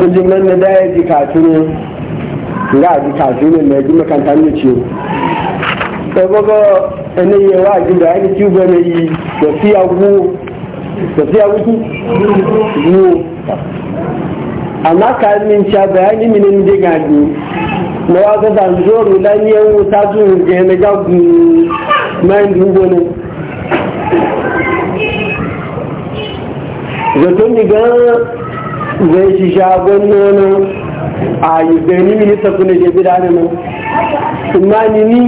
kujin nan na daya ji katunu ga ji a mai ji makanta ne ce ɗagogo ɗanayi yawa ji da yanki cuba na yi da fiya gu da fiya wuku gu amma ka min sha bayani da na wata zanzoro laniyar ta zuwa ga yana gagu mayan dubu ne zaton ni zai shi shagon nono a yi gani minista kuna ke bi da nan amma ni ni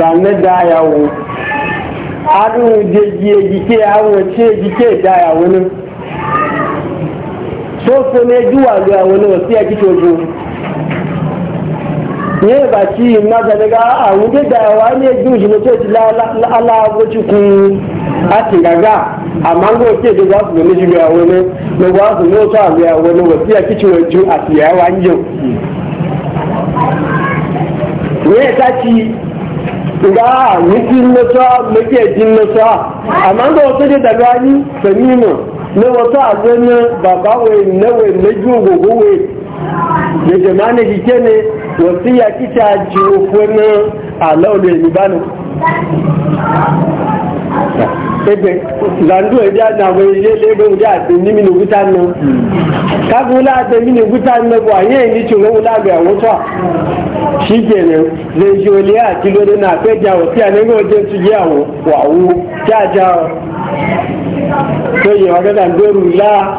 da na dayawo adun da giye gike awon ce gike dayawo nan so so ne juwa ga wani wasu ya kito jo ne ba ci ma da daga a wuce dayawa ne ju na mutu lala lala wuce kun a tigaga amma ga wasu da za su ne shi ga wani Ne ba su ne ta ga wani wasu ya kici wajen a siya wanjin ne ta ci ga mutum na sa muke jin na sa amma ga wasu da daga ni ne? na wasu a zana baba wai na wai na jiwo gogo wai ne jama'a na shi ke ne wasu ya kici a jiwo ko na a ba ne? ebe zandu ebi ana wo ile ile ebe wuli ati ni mini wuta nno kagu wuli ati mini wuta nno bu anyi eni tso wo wuli agbe awo tɔ si jene lezi oli ati lori na ape di awo ti a nengi oje tu di awo wa wu ti a di awo to yi wa gada ndo rula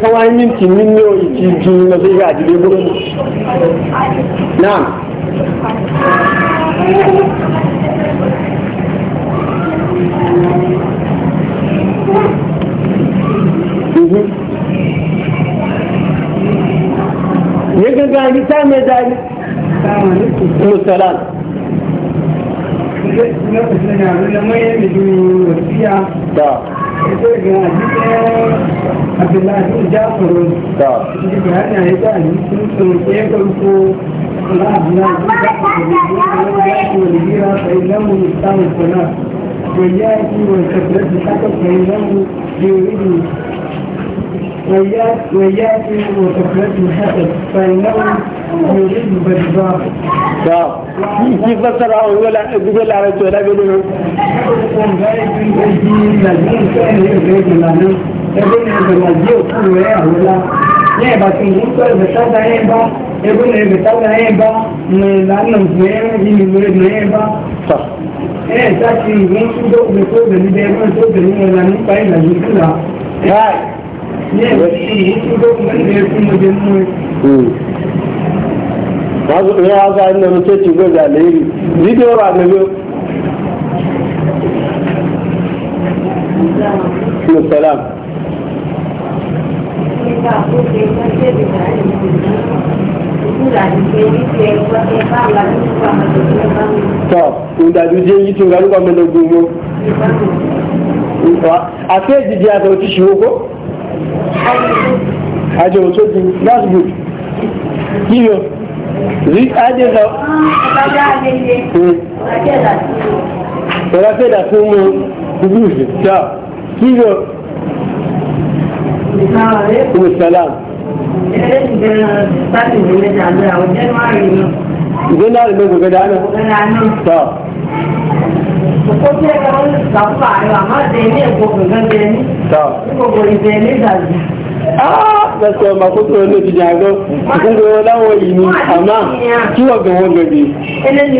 kawa yi minti mini o ji ju na so yi adi na. Mhm. ya ga gani ta mai dani musalan ta Abdullahi Jafaru da ga hanyar ya ga ni sun sun ya farko Allah Abdullahi Jafaru da ya ga ni ya ga ni ya ga ni ya ga ni ya ga ni ya ga ni ni وياتي والكتلة حسب فإنه يريد وياتي وكفلته حسب فإنه يريد بالضبط في فصل أو يقول على ولا بدون Ẹgbẹ́ ìgbẹ́ ìgbẹ́ ẹgbẹ́ ẹgbẹ́ ìgbẹ́ ẹgbẹ́ ìgbẹ́ ìgbẹ́ ìgbẹ́ ìgbẹ́ ìgbẹ́ ìgbẹ́ ìgbẹ́ ìgbẹ́ ẹ̀ sáti wọ́n tún dókòwò tó bẹ̀rẹ̀ bẹ́ẹ̀ wọ́n tó bẹ̀rẹ̀ wọn la nípa ẹ̀ wọ́n tún dókòwò bẹ́ẹ̀ fún ọdẹ mú ẹ. wọ́n á sáré nínú ṣéèkì gbọ́dọ̀ àlérí dídé ọ̀rọ̀ àgbẹ̀lẹ́ Musalam. Nípa ìgbà tọ́ ìdàdújẹ́ yìí tún gbárùkọ mẹ́lẹ́gbùn mọ́ àti èjìdí àtọ̀ tí ṣìwókó àjọ òtójú that's good yíyọ rí ọ̀rọ̀ fẹ́dà fún gbogbo ìṣẹ́ january ne gobe da nan to ko ce ga wani zafa ayo ah, amma da ne ko gobe da ni to ko gobe da ni da lọ́sọ̀ ọmọ kó tó ló ti jàgbọ́ ìgbẹ́gbẹ́ wọn láwọn yìí ni àmá kí wọ́n gbẹ̀ wọ́n gbẹ̀gbẹ̀. ẹlẹ́ni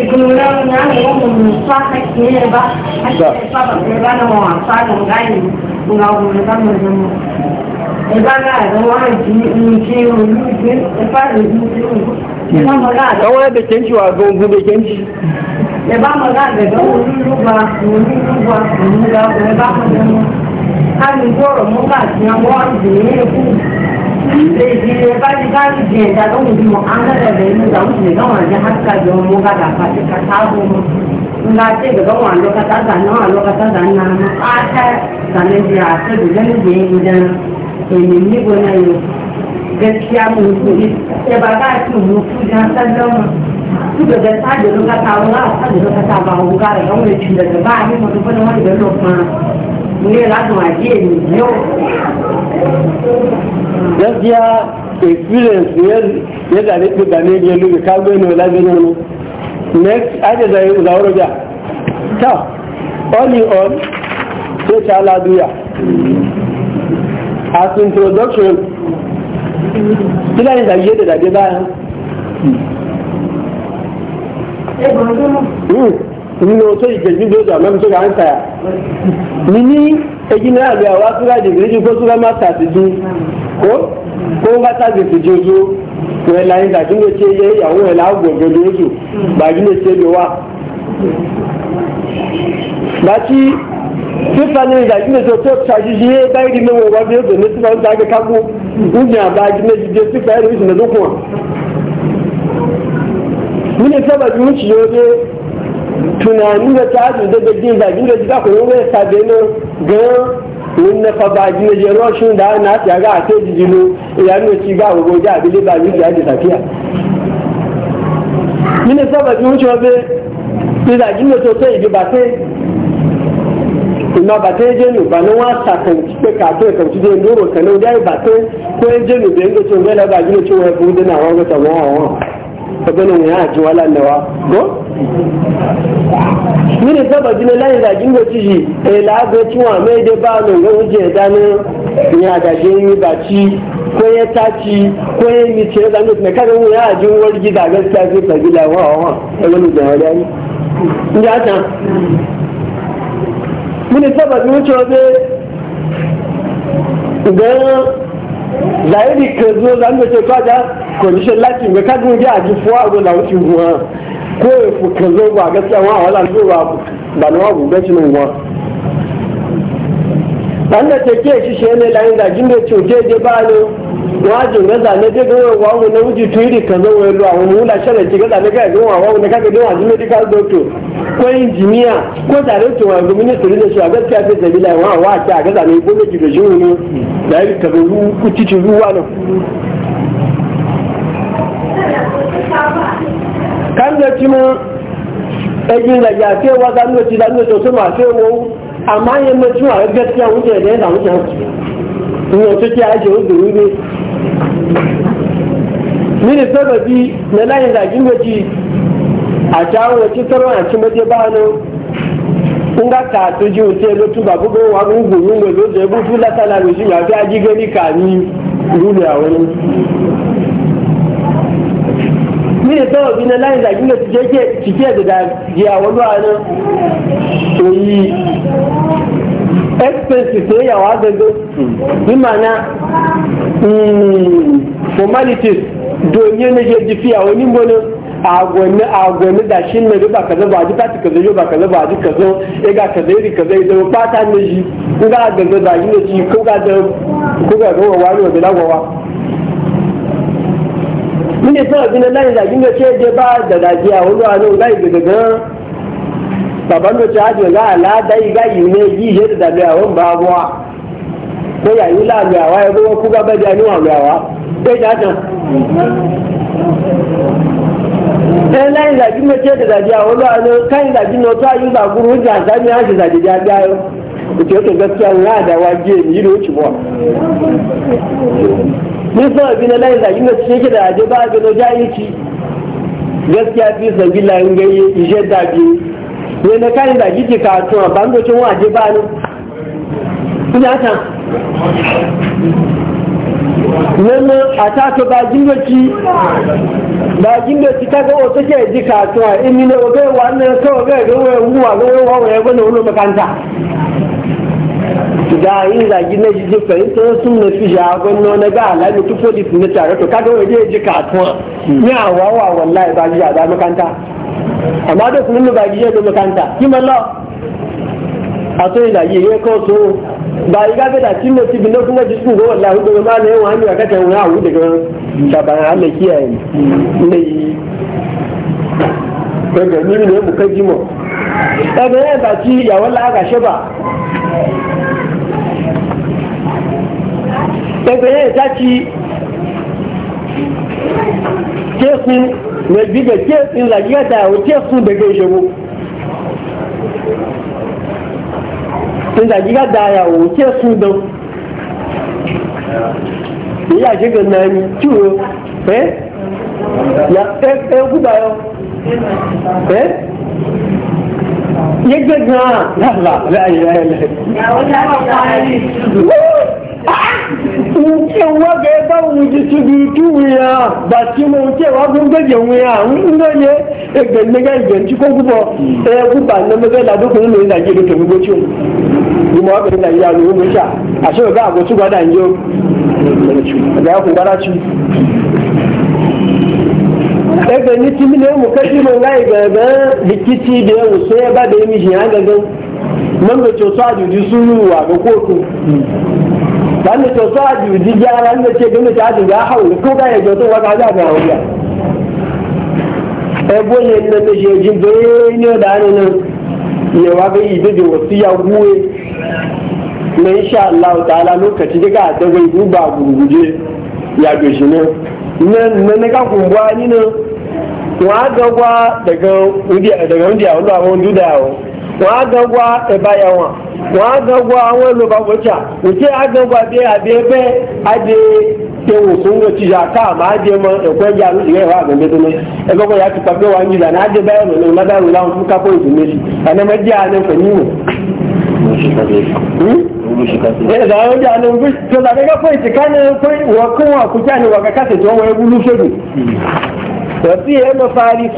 Àwọn ẹbẹ̀ kẹ́ńtì wà gan ogun kẹ́ńtì. Ẹ̀bá mọ̀ láàbẹ̀ gan olúlúgba, olúlúgba, olúlúgba, ẹ̀bá mọ̀ lẹ́mọ́. Ká ní gbọ́rọ̀ mú bàtí àwọn ọ̀dùn ní ẹkú. Ṣé ìdí ẹbá ti bá ti jẹ ẹ̀dá tó ń bímọ, á ń lẹ́lẹ̀ bẹ̀rẹ̀ ní ìdáhùn sí ìdáhùn àjẹ́ áṣíkà jọ mú bàtà pàṣẹ kàtà ààbò mọ́. Nga ṣe ìgbẹ̀gbọ́n wà lọ́kàtà dànù, àlọ́kàtà dànù, àmọ́ èyí níbo náà yóò gaskiya mun kuɗi da ba za a ci mu kuɗi na sannan mu su da da ta da nuka ta wani a ta da nuka ta ba mu gara yan wani cin daga ba a yi mutu fana wani da nuka mu ne za su maje ni yau gaskiya experience ya zane ku zane ya lube ka gwe ne wala gwe ne wani next aje da yi zauro ta all in all sai ta laduya as introduction kila yin zagiye da dage bayan nínú tó ìgbẹ̀jú tó dà mẹ́rin tó kà ń tàyà ní ní ẹjí náà lè àwọn asúra dìgbì ju kó súra máa tàbí ju kó kó ń bá tàbí fi ju ojú rẹ̀ láyé tàbí ní ṣe yẹ ìyàwó rẹ̀ da gbogbo oṣù bàbí ní ṣe lè wà. bàtí sísá ne ìyá ìdílé tó tó ṣàṣìṣe yé báyìí ní mẹ́wọ̀n wá bí ó dèmí sísá ń ta akẹ́kọ̀ọ́ kákó ń jẹ́ àbá ìdílé jíjẹ sísá ẹ̀rọ ìṣẹ̀lẹ̀ tó kùn. Mune sábà bí wọ́n da ta haɗu daga jin zagin da jika kuma wani na gan wani na da na ta ga a teji jino ya nuna ci ga ba yi da tafiya ina saba ji wuce wabe ni zagin da sosai ibi ba sai ìmọ̀ bàtẹ́ ẹjẹ́ nù bàánú wọn àtàkùn pé kàtó ẹ̀kọ́ tí dé lóró kan náà jáì bàtẹ́ kó ẹjẹ́ nù bẹ́ẹ̀ ńgbẹ́ tí wọ́n lọ́ba àjúlé tí wọ́n fún dínà àwọn wa ko ya taci ko ya yi mice eh, ya zama mai ya a wani gida gaskiya wa wa da ya ta mini sababi wuce waje gan zahiri kan zo zan da ce kwaja condition lati ga kagun ji a ji fuwa go la wuce ruwa ko kan zo ba gaskiya wa wala zo ba ba no abu gaci nan wa sanda ta ke shi shi ne layin zagin da cuce je ba ne wajin ga zane je ga wa na wuji tuiri ka zo wani ruwa mu la shara ki ga zane ga ga wa don azumi medical doctor ko injiniya ko director wa ga ministry da shi a gaskiya sai layin wa wa ta ga zane ko ki da shi ne da yi ka ga ku ruwa kan da ci mu ejin da ya ce wa zan da ci zan da su amma yin mutu a gaskiya wuce da ya samu shi haƙƙi in yau suke aje wuce wuri mini sababi na layin zagin gaji a jawo wacce sarwa a cimma je ba nan in ga ka su ji wuce lotu ba bugun wa gungun gungun zo da ya butu latala mai shi ma fi aji gani ka ni ruru a wani mini sababi na layin zagin da cike da dajiya wani anan oyi expenses ne yawa gangan bi mana mm, formalities domin na je jifiya wani monin agwani agwani da shi ne ba kaza ba ji fati kaza yau ba kaza ba ji kaza ya e ga kaza iri e kaza ya e zama fata ne shi ko ga gaza da yi shi ko ga da ko ga gawa wani mini sọ ìbínú lẹ́yìn ìdájí ní oṣù èdè da dàdàjì àwọn olóhàánú láì gbèdè gan bàbá mi oṣù àjò ńlá àlàáda ìgbà yìí ní èyí yi ìdàlẹ̀ àwọn ń bá wọ́ a pé yàyí láàmì àwa ẹgbẹ́ wọn kú bá bẹ́ẹ̀ di ẹni wọn àmì àwa pé ìjà tán. ẹ lẹ́yìn ìdájí ní oṣù èdè dàdàjì àwọn olóhàánú káyìn ìdájí ní oṣù àyè ìgbà da ìjà àtàmì àṣì ìdàjì ìdàjì nisan abi na layin zagin cike da aje ba abi na jayi ci gaskiya fi layin gaye ishe ne na kayan zagi ke kasu a bandocin wa aje ba ni ina ta nan a ta ka ba gindoci ba gindoci ta ga wata ke ji kasu imi na ogai wa annan kawai ga ga ya bane ga yin zagi na jiji fahimta sun na fi shagon no na ga alamu tu fodi fi na tare to kaga wani ya ji katuwa ni a wawa wallahi ba ji a da makanta amma da sun ba ji da makanta ki malla a so yin zagi ya ko so ba yi gabe da cin nasi bin kuma ji sun go wallahi ko ma ne wani ya kace wani awu daga shaban Allah kiyaye ni daga ni ne mu kaji mu daga ya ba ci ya wallahi a shi ba ẹgbẹ̀rẹ̀ ìsáàkì kéèkún rẹ̀gbígbẹ̀ kéèkún làjíyàtà ò kéèkún gbẹ̀gbẹ̀ ìṣòwò làjíyàtà àyà ò kéèkún dán èyí àṣẹ́gbẹ̀ náà ni túrò ẹ́ ẹgbúgbà yọ ẹ́ yẹ́gbẹ̀ gan-an láàlá láàyè nkewa ga-ebe wuji tubitu wuya ba ci mu nkewa gun gaje wuya ngole ege eh, nega ige nchiko gubo e guba na mege la dokun ni na jiri to gubo chi ni mo abin na ya ni mu sha a so ga go tu gwada njo ga ku gwada chi ege eh, ni ti mi ne mu kaji mo ga ige ga dikiti de wo se ba da mi shi an ga ga mun ga to sa ju su wa ga kotu dan to so a juji gyara ne ce gami ta ji ya hawo ko ga ya to wa ga ga wuya e boye ne ne je jin be ne da ne ne ya wa ga ibe da wasiya guwe na insha Allah ta'ala lokaci daga da bai duba gurguje ya ga shi ne ne ne ka kumbwa ni ne wa ga gwa daga wudi daga wudi a wani duda yawo wọ́n á gangwa ẹ̀bá yà wọn wọ́n àwọn ẹlòmọ̀ àbọ̀chà òkè á bí adé bẹ́ adé tewo sun ma aje ma da kwan ya lu ya wa ga ne dole e ya ci pabe wa ni da na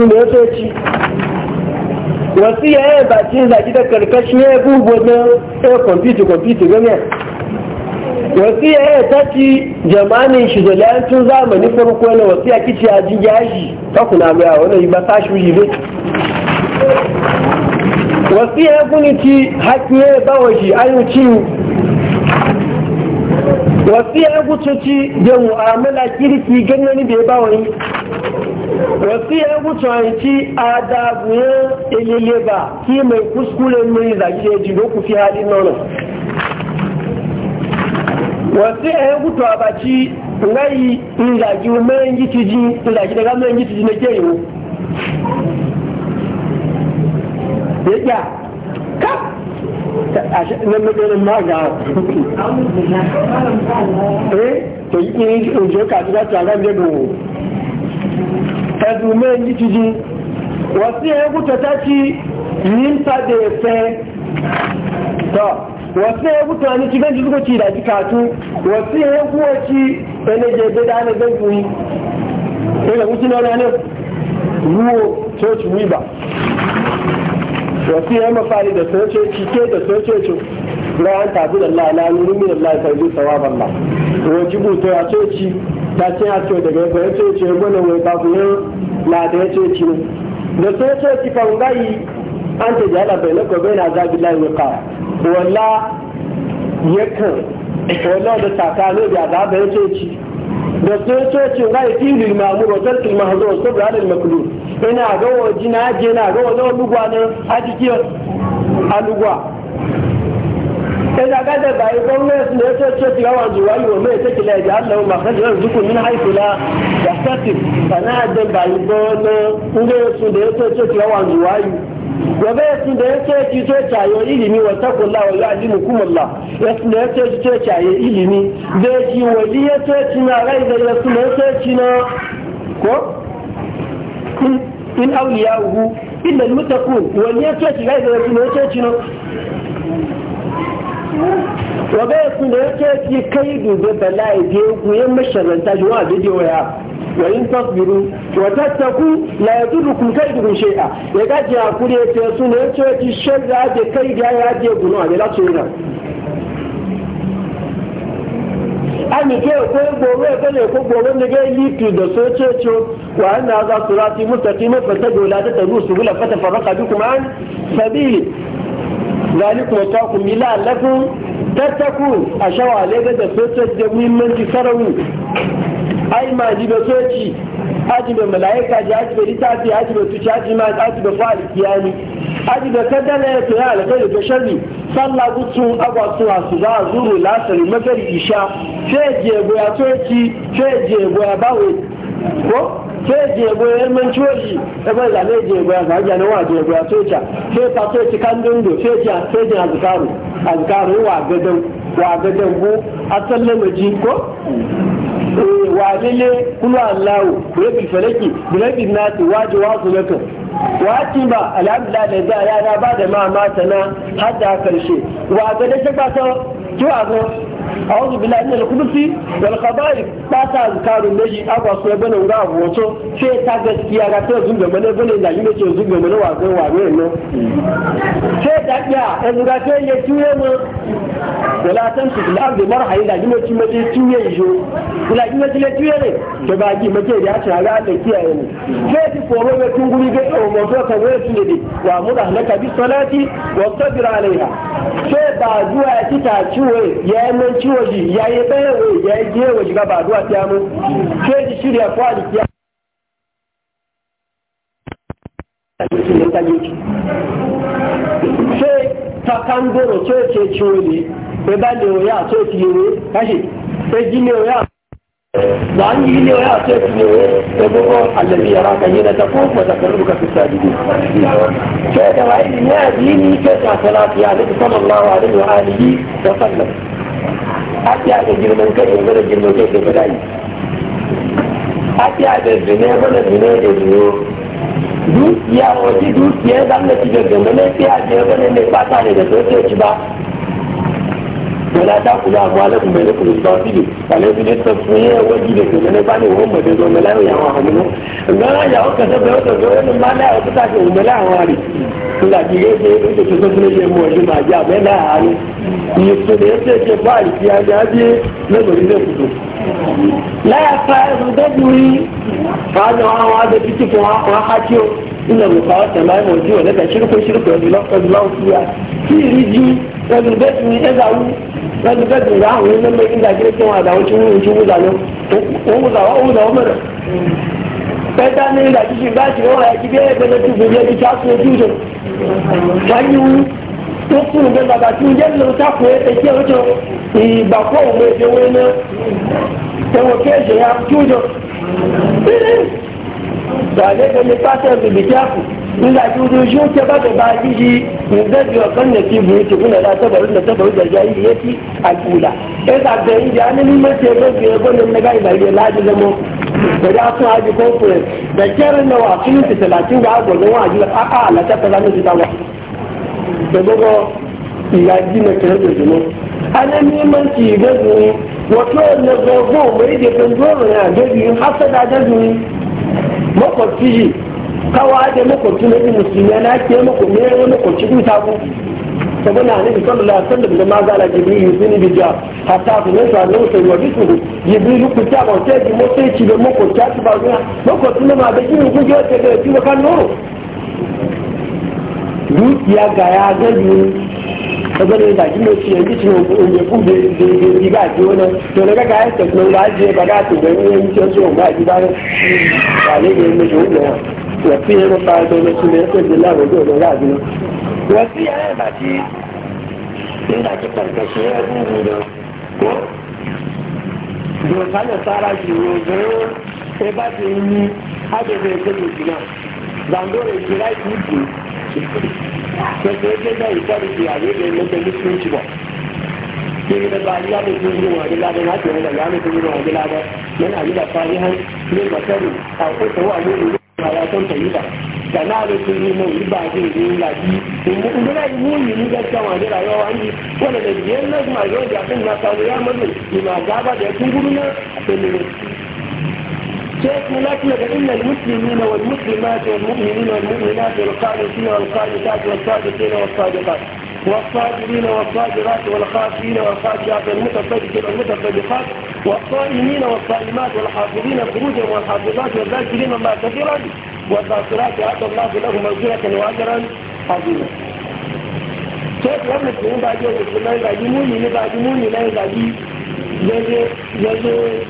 ya wasu ya yi bakin zaki da karkashin ya bubu na ya kwamfiti gani ya. wasu ya yi taki jamanin shi da lantun zamani farko na wasu ya kici ya ji yashi ta kuna mai a wani ba sa shi yi wasu ya yi ci haƙi ya yi bawa shi ayyucin wasu ya gucoci da mu'amala kirki da ya ba wani wasu ya gucoci a dabuye ilile ba ki mai kuskure mai zagi da jido ku fi halin nono wasu ya guto a baci ngai in zagi mai gitiji in zagi daga mai gitiji na ke yi ya nan maganin ma ga eh to yi kiri ojo ka ti láti ara lẹ́nu o ẹ̀dùn mẹ́rin ní títí wọ́n sí ẹ̀kú tọ́tá tí ní ń sáde ẹ̀fẹ́ tọ́ wọ́n sí ẹ̀kú tọ́tá ní ti bẹ́ẹ̀ dúdú ti ìdájí kàtú wọ́n sí ẹ̀kú ọtí ẹlẹ́jẹ̀ ẹgbẹ́dá wasu ya mafari da sojoji ke da sojoji na an tafi da Allah na nuni min Allah ta yi sawab Allah wajibu to ya sojoji ta ce ya ce daga ya sojoji ya gwana wai babu kuma na da ya sojoji ne da sojoji kan gayi an ta jala bai na kobe na zabi lai ya ka wala yakan wala da tsakanin da ya zaba ya sojoji da sojocin ga yi fili mamu wa tarki mahazo wa sabra alal maklu ina ga waje na aje na ga wajen lugwa nan a jiki ina ga da bai gwamnati ne sojocin ga wanzu wayi wa mai take la ya Allah ma kan ran zuku min haifu la ya tafi sana da bai gwamnati ne sojocin ga wanzu wayi gobe ya tun da ya ce ki zo cayo ilimi wa takulla wa ya alimu kumulla ya tun da ya ce ki zo cayo ilimi zai ci wali ya ce ci na rai da ya tun ya ce ci na ko in auliya uhu inda ku wali ya ce ci rai da ya tun ya ce ci na gobe ya tun da ya ce ki kai dubbe bala'i da ya kuyen masharanta juwa da ya waya wa in tasbiru wa tattaku la yadurukum kaidukum shay'a ya ga ji hakuri ya ce su ne ya ce ki shirya je kai da ya je gunu a la so na ani ke ko goro ya kale ko goro ne ga litu da so ce ce wa anna za surati mustaqima fatajo la tatabu subula fatafarraqa bikum an sabili ذلك وصاكم بلا لكم تتقون أشوى عليك دفتة جميل من تسرون ai ma ji da soci aji da malaika ji aji da litafi aji da tuci aji ma aji da fa'ali kiyami aji da kaddala ya to ya alkhairi da sharri sallah gutsun agwa suwa su za zuru lasari magari isha sai je goya soci sai je goya bawe ko sai je goya yarman coci da bai zane je goya ga hajja na wa je goya soca sai ta soci kan dindo sai je sai je azkaru azkaru wa gadan wa gadan bu asallan ji ko walele kula allahu ko yabi falaki bilabin nasu waje wasu lakan wati ba alhamdulillah da za a yana ba da ma mata na har da karshe wa ga da shi ba ta kiwa ga a wasu bilayen da kudusi wani kabari ba ta karu ne yi abuwa su ebe ne wuri abu ta gaskiya ga ta zunga mana ebe ne yi ne ce zunga mana wazo wazo yin no ta iya ebe ga ta yi tuye mu wala ta su bila abu da mara hayi da gina ci mace tuye yi jo bila gina ci ne ta ba gi mace da ya ci haga ta kiyaye ne ce ta koro ne tun guri ga o mato ta wuri su wa mu da halaka bi salati wa sabira alaiha ce ba zuwa ya ci ta ciwo ya limanci waje ya yi ɗaya waje ya yi biye waje ga ba zuwa ta mu ke ji shirya kwali ya ce ci e oya kashi e oya da an yi ne oya e yi na ta ko kuma ta ka da wa ilimi ya ji ke ta salafiya da ta hatta da girman kai in gana girman kai da bala'i hatta da zine bana zine da zine dukiya wasu dukiya zan da ci gaggama fiya da bana mai fata ne da sosai ci ba wala ta kula amwalakum bainakum bil batil wala fi tasfiya wajida kuma ne bani wa mu da zama lawo ya wa mu ga ya ka da ba da gore ne ma na ta ta mu la wa ri kula ki ga ne da su sun ne mu ji ma ja me na ani ni su ne ce ce ba ki ya ga ji ne go ne ku la ya fa da duri fa da wa da kike ko wa ha ki ina mu fa ta mai mu ji wala da shirku shirku da lokacin lafiya ki riji lọ́dún bẹ́ẹ̀ tún ẹ̀dá wú lọ́dún bẹ́ẹ̀ tún ráhùn ní lọ́mọ ìgbà kiri kí wọ́n àdáwọn tí wọ́n ń tún wúzà lọ wọ́n wúzà wọ́n wúzà wọ́n mẹ́rẹ̀. pẹ́ẹ́tà ní ìgbà tí ṣùgbọ́n àti wọ́n àyàkí bí ẹ̀ẹ́dẹ́ tó tún bìí tí a tún ojú jọ. wáyé wú tó kún bẹ́ẹ̀ bàbá tí ń jẹ́ lọ́wọ́ ina juju shi ke ba da baki shi in zabi wa kan nasi buyi ce kuna da tabaru da tabaru da jayi ya ci al'ula ya sa da yi ja ni mai ce ba ke gwanin na gari bari la ji zamo da ya sun ko conference da kyarin da wasu yin ta talatin ga agwagwan waji da a'a ala ta kaza mai ta wa da gogo ya ji na kira da zumo ana neman ci ga zuwa wato na gogo mai da kan zuwa na gabi hasa da da zuwa makwabci kawa da makwabci na bin musulmi na ke mako me ya makwabci ta ku? saboda annabi sallallahu alaihi wasallam da magala yi yusuni bi ja hatta su ne sa nan sai wadi su jibril ku ta ba sai ji motsa ci da makwabci ta ba zuwa makwabci na ma da kin ta da ki kan noro dukiya ga ya gani saboda da kin da ci yanzu ci ne ku da da da ga ji wannan to daga ga ya ta nan ga je ba ga ta da ni ci so ga ji ba ne ba ne ne wọ̀tí ẹ̀rọ pa ẹgbẹ́ ẹgbẹ́ tí lẹ́yìn pẹ̀lú láwọn ọ̀dọ̀ láàbí lọ. wọ̀tí ẹ̀rọ bá ti nígbà tí pẹ̀lú ṣe é ẹ̀rọ mi lọ. ìwọ̀n sálẹ̀ sára ju ọ̀gbọ́n ẹ bá ti ní agbègbè ìgbèlè jù náà. zandore ti láì kú pẹ̀lú ẹgbẹ́ náà ìtọ́jú ti àgbègbè lọ́tẹ̀lú fún ìjùbọ̀. kiri da ba ya da jin ruwa da ladan na tare da ya yana yi da farihan ne a kusa wa hayatun tayyiba da na rufin yi mai riba zai yi lafi umuna yi muni ni gaskiya wani rayuwa wani wanda da biyar na kuma yau da abin na samu ya mazu ina gaba da ya tun gudu na a tsanin شيخ لكن فإن المسلمين والمسلمات والمؤمنين والمؤمنات والقانتين والقانتات والصادقين والصادقات والصابرين والصابرات والخاشعين والخاشعات المتصدقين والمتصدقات والصائمين والصائمات والحافظين فروجا والحافظات والذاكرين الله كثيرا والذاكرات أعطى الله له مغفرة وأجرا عظيما. شيخ يملك من بعد يوم الإسلام يلاجموني يلاجموني لا يلاجي لا يجي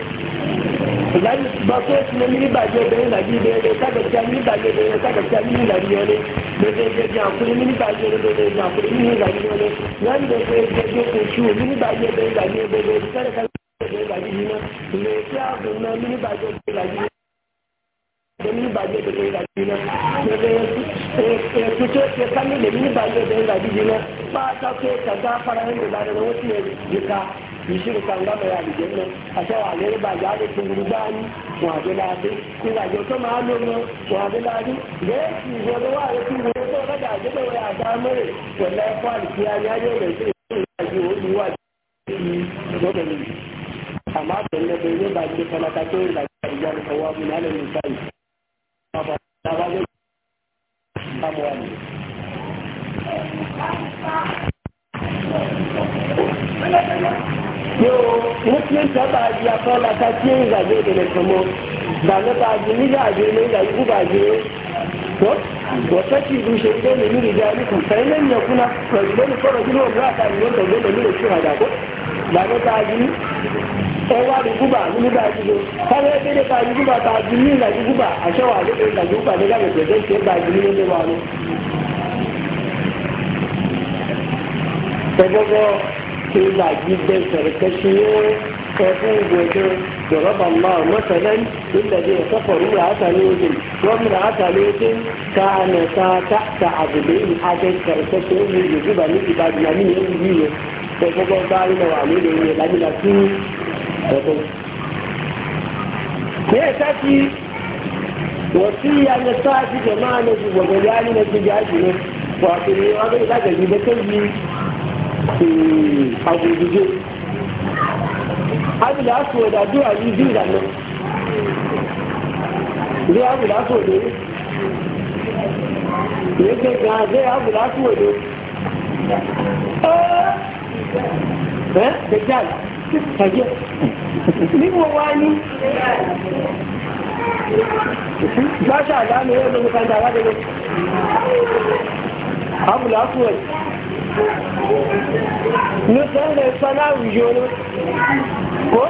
ìlànà bàtọ́ ìsinmi ní níbàjẹ́ obìnrin làbí ìbẹ̀rẹ̀ sábẹ̀tì àmì níbàjẹ́ obìnrin sábẹ̀tì àmì nílàbí yọlé gbẹgbẹgbẹ jẹ àkúrẹ́ ní níbàjẹ́ obìnrin jẹ àkúrẹ́ ní nílàbí yọlé wọ́n gbẹgbẹgbẹ jẹ oṣù ní níbàjẹ́ obìnrin làbí obìnrin sábẹ̀tì obìnrin làbí yọlé ìrètí ààbùn náà ní níbàjẹ́ obìnrin làbí yọlé níbàjẹ́ obìnrin làbí yọlé ètùtù ẹ̀ṣẹ̀ sámìlì obìnrin làbí yọlé ìṣirìkà ńlọ́bẹ̀rẹ̀ àdìjẹ́ náà àtẹ́wà lérúbà jáde kúndùrú bá ní wọn àdéláàdé ìrìnàjò tó máa lò ní wọn àdéláàdé lẹ́ẹ̀kì ìṣòro wà lókù wọn tó lọ́dà àjẹbẹ̀rẹ̀ àgbà mẹ́rẹ̀ pẹ̀lú ẹ̀kọ́ àdìsí ayáyé rẹ̀ sí ìrìnàjò olùwà ti lọ́dọ̀ mi. àmọ́ àtẹ̀lẹ́bẹ̀ ilé ìbàjẹ́ kọ́nàkà tó ìrìnàjò Thank you yóò muslim sábà di afọlá ká tí ń gbàgbé ìdènà sọmọ gbàgbé bá di nígbà àgbè ní ìgbà ikú bàgbé tó wọ́pẹ́ tí ìlú ṣe gbé mi níbi ìjà ẹni kù fẹ́ẹ́ lé nìyẹn kúná pẹ̀lú lónìí fọ́rọ̀ bí wọ́n rà ká ìlú tó gbé mi lè fún àdàkó gbàgbé bá di ẹwà ìgúbà nígbà ìdíje káwé ẹgbẹ́dẹ́ bá ìgúbà bá di ní ìgbà ìgúbà àṣẹwà àgbẹ̀dẹ́ ìgbà ìgúbà nígbà ìgbẹ̀dẹ́ ìṣe bá di ní ilé wa ni sai zagi dan sarkashi kafin gobe da raba Allah masalan inda zai kafaru da haka lokacin wanda haka lokacin ka na ta ta ta abu da in ajan karkashin yin yanzu ba niki ba biya min yin yi ne da kuma ba yi da wani da yi lami da su da su. Me ya kafi wasiya na sa shi jama'a na shi gwagwari na shi jaji ne wato ne wani da ga gibe kan àgùdìjé abìlà aṣọ ìdájọ àyè bí ìlànà ilé abìlà aṣọ òde ìwé gẹ́gẹ́ àdé abìlà aṣọ òde ẹ gbẹjà tàjẹ níbo wá ní gbàṣà àdáni ẹ lómi kan dàgbà délé abìlà aṣọ òde. ne sanar sana rijiyoyin ko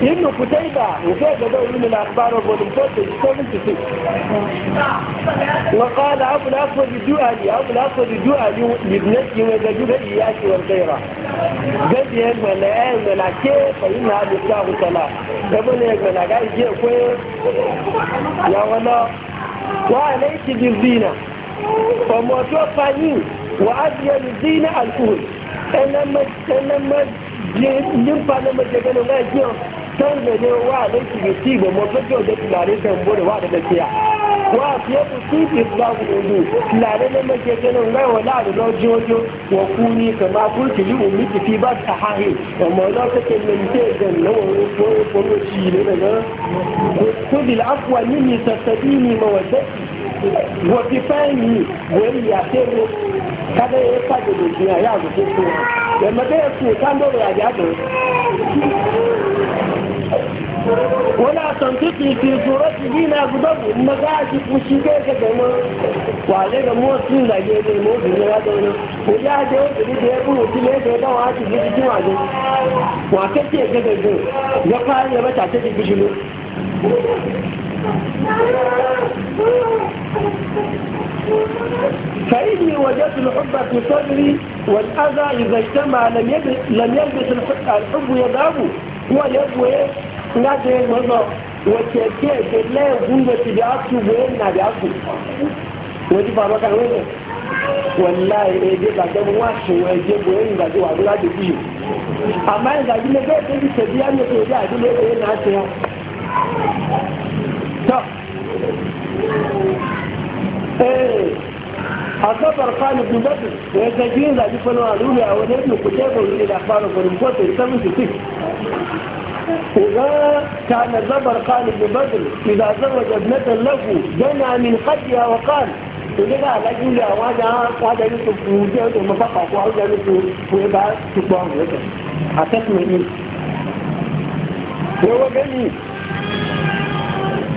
yin nukutai ba nke gaba yin labarin bodin portal 76 wa kada abu na so di du'a ne abu na so di du'a ne libya yi wa gaju da iya ce wa tsayira gaji ya gba na ya yi na ke fahimta na abuka hutala da mu ne gba na gaji ya kwe ya wana wa na yi ci dizina ọmọ ọjọ́ fayin wa'adiyar zina alkuhul ɗan na majagalin lafiyan san da ne wa da ki ga ci ba mu da tunanin kan bore wa da gaskiya wa fiye ku ci bi ba ku dudu Tunanin ne mai ke ganin ga wala da lojojo wa kuni kama kun ki yi ummi ki fi ba ta hahi amma la ta ke min te ga nawa ko ko ko ci ne da na ku bil afwa minni tasabini mawaddati wa fi fahimi wani ya tero kada ya fage da biya ya zuke ko da mata ya su kan dole ya ga Wana asantutu ke tsoro su bi na guda na za a ci kushi kai ka zama kwale da mu wasu zage ne mu bi ne ya da wani ko ya je wata ne da ya buru ki ne da ya dawa ci ne cikin wajen wa ta ce ga da zai ya fara yaba ta ce ki shi ne فإني وجدت الحب في صدري والأذى إذا اجتمع لم يلبس الحب يذهب هو يذهب nga je mọ́nà wọ́tí ẹ̀kí ẹ̀kẹ́ lẹ́ẹ̀gún wọ́tí bí a tún wọ́n ka bí a tún wọ́tí bàbá kan wọ́n lẹ̀ wọ́lá ẹ̀ẹ́dẹ́ gbàgbẹ́ wọn àṣùn ẹ̀jẹ̀ bò ẹ̀yìn gbàgbẹ́ wà bi láti bí yìí àmọ́ ẹ̀yìn gbàgbẹ́ lé bẹ́ẹ̀ tẹ́lẹ̀ tẹ̀lé yá lóko ìdí àdúlé ẹ̀yẹ na ṣe hàn. tọ́ ee asabar fani bi babu ya ga jin zabi fana al'umma a wani ibn kutaibu ne da fara gurin kotu 76 إذا كان زبر قال ابن بدر إذا زوج ابنة له دنا من خدها وقال لا يقول يا وهذا آه، وهذا يوسف وجهته مفقق وهذا يوسف ويبقى تطوان هذا حتسمع إيه هو جميل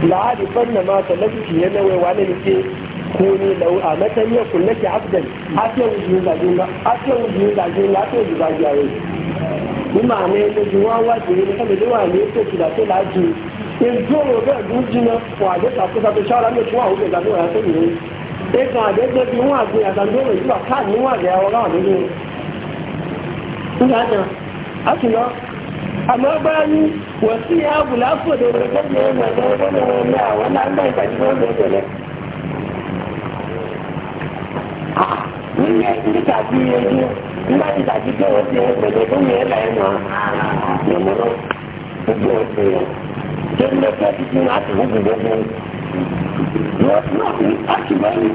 العادي فن ما تلبس هنا وعلى لكي كوني لو أمتن يكن لك عبدا أتيا وجهه لا جنة أتيا وجهه لا جنة أتيا وجهه لا nígbà ní lójú wọn wájú ní kọ́lé wà ní tòkìlà tó lájú ìgbòho bẹ́ẹ̀ dún jiná fún àdéhùn àkóso àti sára ní ìtura òun ìgbà tó tó yìí ẹ̀kan àdéhùn bí wọ́n àgbé àtàndóró ìgbà káàdì níwọ̀n àgbé àwọn ọlọ́run nínú nígbà náà a sì lọ àmọ́ bá ní wọ́n sí àbùlá fòdò rẹ̀ nílé níta bí ojú nígbà tí tàbí tó o ti pèlè fún mi ẹ̀la ẹ̀ mọ́ lọ́mọ́rọ́ ojú ti rẹ̀ tó ń lọ́kẹ́ títí wọn àti wọ́n gbogbo fún un wọ́n náà fi àtìmọ́lé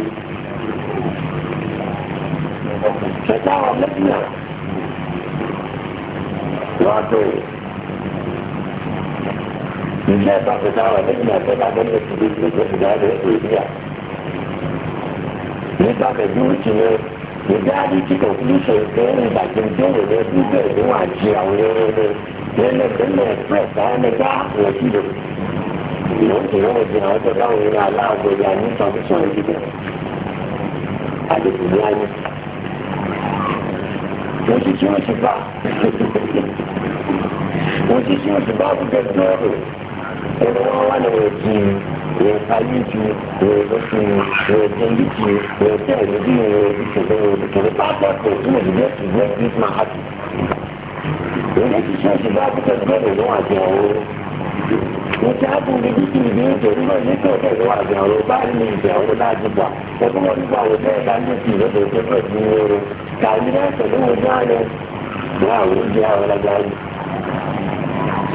ṣẹ̀dá ọ̀lẹ́bí náà wọ́n tó ilé ẹ̀ka ṣẹ̀dá ọ̀lẹ́bí náà tó bá gbọ́dọ̀ ti di ìgbésẹ̀ ìdájọ́ ìdíyà nípa pẹ̀lú ìṣòro ìdáàbí tí kò fi ṣe ìfẹ́rẹ́ ìbàjẹ́ ìbéèrè rẹ̀ bí bẹ́ẹ̀ ni wọ́n àti àwọn eré lẹ́lẹ́ tẹ́lẹ̀ express àwọn ẹgbẹ́ àpòlọ́sílò ìwọ́n ti rọ́ọ̀ di àwọn tó dáhùn nínú aláàbò ìyá ní transition ìdìbò àdìbò ní ayé wọ́n ti tí wọ́n ti bá wọ́n ti tí wọ́n ti bá àbúkẹ́ tó rẹ̀ ẹni wọn wà lọ sí wọ́n ayé ju wọ́n lọ sí wọ́n tẹ̀lé ju wọ́n tẹ̀lé bí wọ́n ti ṣẹlẹ̀ wọ́n ti ṣẹlẹ̀ pàápàá tó tún lè lè ti lè ti máa hà tù. wọ́n ti ṣe ìṣẹ̀lẹ̀ àbúkẹ́ bẹ́ẹ̀ lọ́wọ́ àti àwọn wọ́n ti ábò ní bí kìlì ní ìtòrí náà ní ìtòrí náà wà ní ọ̀rọ̀ bá ní ìjà ọ̀rọ̀ náà ti gbà ọdún wọn nígbà wo bẹ́ẹ̀ bá ní ìtòrí lọ́dọ̀ tó fẹ́ fún wọn. kàwé náà tẹ̀lé wọn náà lọ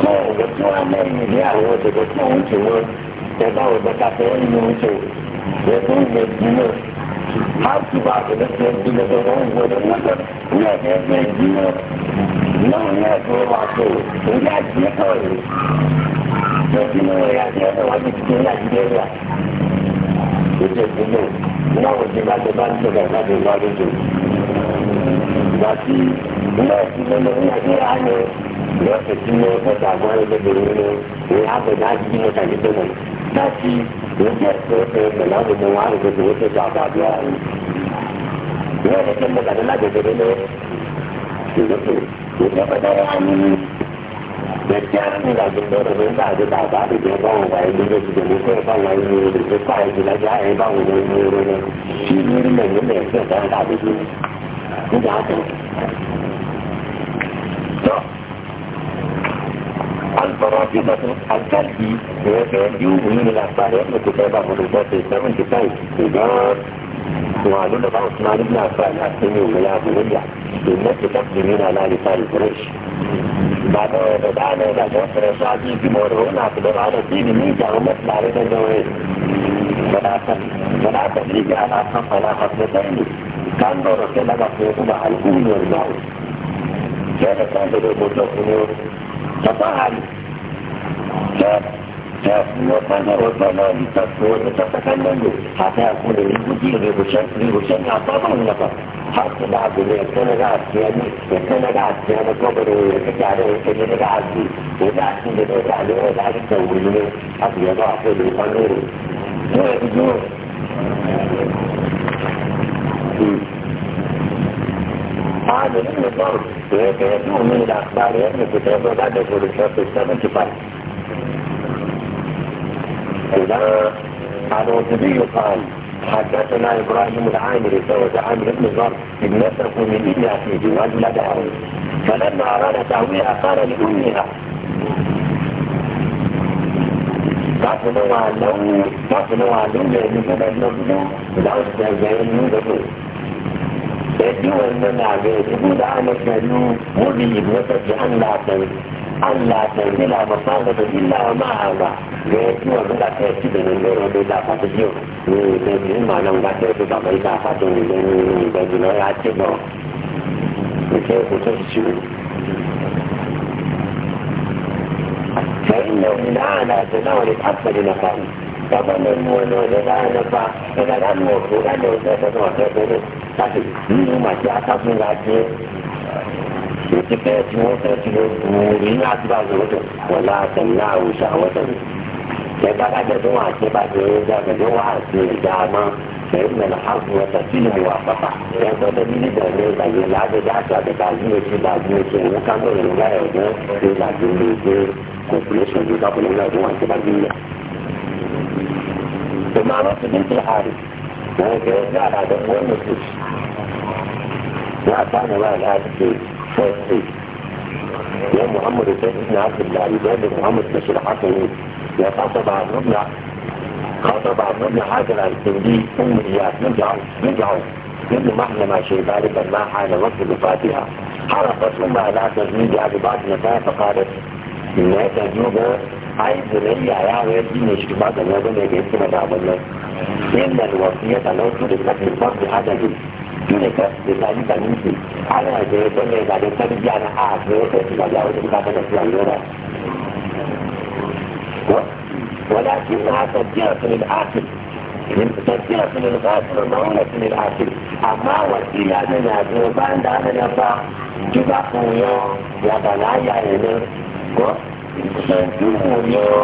àmọ́ òwe tí wọ́n lẹ́yìn ní àwọn òṣèlú tí wọ́n ń ṣe wọ́n tẹ̀gbá òṣèlú káfẹ́ ń lo oṣù rẹ̀ tó ń lè dúró. Máa tún bá àbẹ̀lẹ̀ tó ń dúró tó ń gbọdọ̀ lọ́dọ̀ ní ẹ̀fẹ́ fẹ́ dúró. Náà ní ẹ̀fọ́ wa tó ìdí àti ẹ̀kọ́ rẹ̀. Lọ́sí ní orí àti ẹ̀fọ́ wa ti ti láti dé rà. Oṣù ìdúró náà òṣèlú bá ti bá ń sọ̀rọ̀ láti wá lójú. Ìgbà tí ilé ìdílé lórí àti wọ́n ti ti mọ ọ̀tọ̀ àwọn ẹgbẹ̀rún nínú ìwé àbẹ̀dá yìí ní kàdé tó wọn. láti wọ́n jẹ́ ẹ̀fẹ́ pẹ̀lú àwọn ọmọ wọn àgbègbè wọ́n ti sọ àbọ̀ wọ́n yẹ kí mọ̀tàdé lágbègbè nínú ìlúkù ìlú tó bàbá àgbègbè báwọn wà ẹni ló ti dẹ̀mí ló ń lóró lọ. ìlú rí mẹ̀mí mẹ̀ẹ́fẹ́ dáńtà àgbègbè الفرافضة الكلبي يؤمن الأخبار يحمل كتاب الغلوبات 75 إدار وعلون بقى عثمان بن عفان أسلمي ولا بنية بالناس تقدمين على لسان قريش بعد بدعنا بعد وفر شعبي في مرهون أقدر على دين مين جعومت معرفة الزواج فلا تدريج على فلا خطوتين كان رسول الله صلى الله عليه وسلم كان عنده مدة تطهري وطنا وطنا لتطور وتتكلم حتى يكون المدير يغشن يغشن يعتبر لك حتى بعد ما يكون قاعد يعني يكون قاعد يعني كبر ويرجع له يكون قاعد وقاعد يرجع له وقاعد يسوي له أبيض أحمر وقنور ويجوز هذا النظام ويتيسر من الأخبار يبني كتابه بعد كل شرط السبع كفاية إذا الوزبي قال حدثنا إبراهيم العامري سوى عامر بن زر ابنته من ابن أخيه ولدها فلما أراد تهويها قال لأمها تعتنوا على من تعتنوا على النوم لأنه لو من النوم ɗaya wanda na ga ya dubu da ana shari'u wani yi wata ji an latar an latar ne na ba fara da illa wa ma'a ba ga ya ci wanda ta yi da nan da dafa ta ne ma nan ga ta yi da dafa ta ne da na ya ta nawa Bàbá lè mú ẹnu ẹ̀rọ lára lọ bá ẹ̀rọ lára lọ òkú lálẹ́ òkú ẹ̀rọ náà lẹ́gbẹ̀rẹ̀ nínú màtí akápínlá jẹ́ òtí fẹ́ tí wọ́n fẹ́ tí wọ́n kú ní láti bá zòrò tó wọ́n láti ńlá òòṣà wọ́n tẹ̀lé. Ẹ̀ka kájọ tó wà ṣe bá ṣe é dá pẹ̀lú wà ṣe ìdáàmú ẹ̀rù mẹ́la áwùjọ ọ̀tà tí ìlú wà pàpà. Ẹ̀kọ́ tó ní ní ìgbàgbé lágbègbè àti àgbègbè àgbègbè ti gbàgbé oṣù láyọ̀ ọ̀dún ìgbàgbé ní ìgbé kòpìlẹ́ṣọ̀ ìgbàgbé náà tó wà ṣe bá gbé بمعنى بنت الحارث وهو جوز على هذا هو المسلم بقى الآية في فاتحي يا محمد الثاني بن عبد الله يبان محمد بن شرحته إيه؟ يا خاطب عن ابن خاطب عن ابن حجر على التنبيه أم إياك نرجعوا نرجعوا كل ما احنا ماشي غالبا ما حان وقت الفاتحة حرقت أمها لا تزميل يعني بعد ما فقالت إن هذا جنوبه ai zuriyya ya wayar ne shi ba ga ne da yake da abun nan yan da wasiya da lautu da kafin ba su hada ne ne ka da tsari da ninki ana da yake ne da da tarbiya na a ga ne da ya wuce ka da su an yora ولكنها تذكرة ne تذكرة للغافل ومعونة للعاقل أما وسيلة ba هذه الباندة أنا نفع جبا قوية يا ne? Ko. ìṣẹ́jú wò ní ọ́.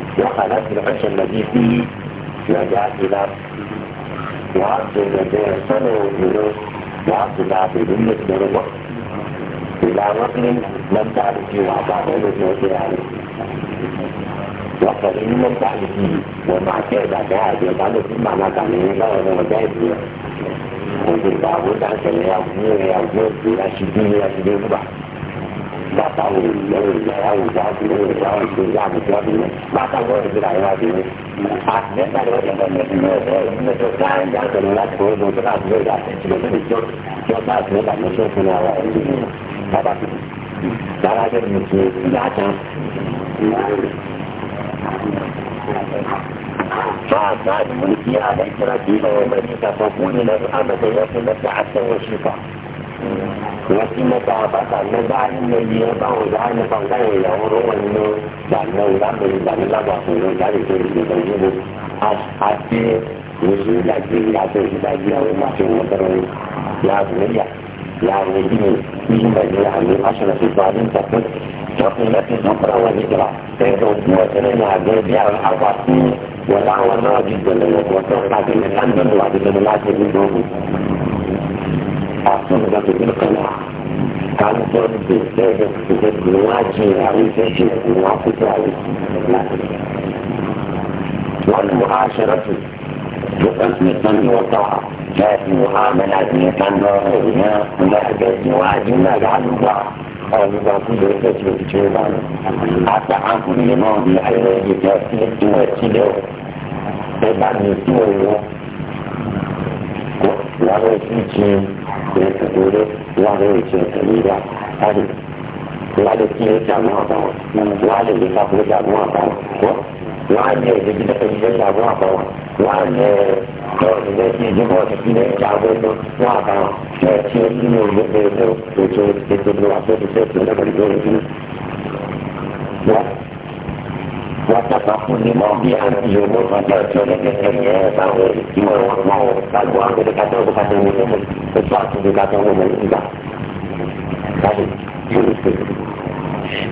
وخلت العشر الذي فيه وجعلنا وعبد الذين صنعوا الجنود وعبد العابدين الدروة إلى ركن لم تعرف فيه وعطاء الذي عليه وقال إن لم تعرف فيه ومع كذا كهذا يتعلم في معنى تعليم لا ولا مجاهد وفي بعض الأحسن يا أبنية يا أبنية يا شديد يا شديد بعض matar o leão, gerar os altos, gerar os cruzados, matar o outro, gerar os altos, até da outra já que não é todo, não tocar as duas, já que isso, eu tava a minha chance na hora, tá batido. Tá eu não sei, já tá. wasi mẹ́ta bàtà mẹ́ta nílẹ̀ yìí ọba òyà nípa ọgá ìyàwó rọwọ nínú gbàgbọ ìlànà ìlànà lábà fún ọjà ìjọ ìjọba ìjọba àti oṣù ìdajì ìyàtọ ìdajì àwọn máṣe wọn tọrọ yàrá níyà yàrá ìdílé ìgbà ní àwọn aṣọra ìgbà ní ìtàkùn ìtàkùn láti sọkọrọ wà nígbà ẹgbẹ òkú ọsẹlẹ ní àgbẹ bí àwọn àwọn àti wọn láwọn náà أعطونا ذاته بالقناعة قال ضرب ضد واجهي عليك شيء موافق عليك لا والمعاشرة مثلا وطاعة كانت معاملات مثلا وغيرها لا كانت واجب لا قال وطاعة أو يضاف إليه تسويق شيطان حتى عنكم الإمام بحياته تأثير توسيله فبعد يسويه la religión de futuro, la religión de vida, ¿sabes? La de ciencia no ha dado, la de facultad no ha dado, la de vida pendiente no ha dado, la de Yeah. látàkà fún ni mọ bí àti owó ìfọdà tí ó lè tẹ̀lé ní ẹ̀ báwo tí wọ́n wọ́n mọ́ ọ lágbo àwọn ìdíkà tó ń kàtó wọlé mọ́ ètò àti ìdíkà tó ń wọlé nígbà láti yóò ṣe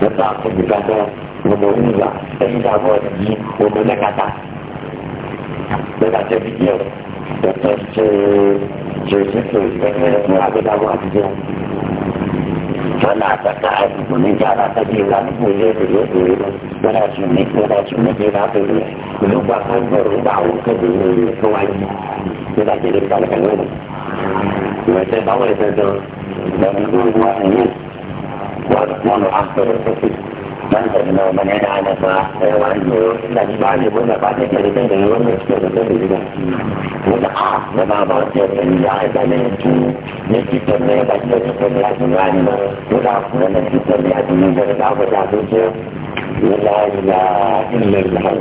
nípa ìdíkà tó ń wọlé nígbà ẹ̀yìn dàgbọ́ yìí omi lẹ́kàtà lẹ́kàtà bí yẹ ẹ̀tọ́ ṣe ṣe ṣe ṣe ìgbẹ́ni ẹ̀kún àgbẹ̀dàgbọ́ àtijọ́. wala ta ta aji kuni ta ba ta je zan koje da ya koyi ba da na shi ne ko da shi ne ke ba ta yi ne ba ta ba ru ba wu ka da yi ko wa yi ne da ke da ta ka ne ne ta ba wa ta da da ni ko wa ne wa ta mono an ta ta ta ban da ina ba na yana na fa wani ne da ba ne ba na ba ne da da ne wani ne da da da ne da a da ma ba ce da ni ya da ne ki ne ki ta ne da ne ki ta ne da ni ma ko da ku ne ki ta ne da ni da da ba da ku ce la ilaha illallah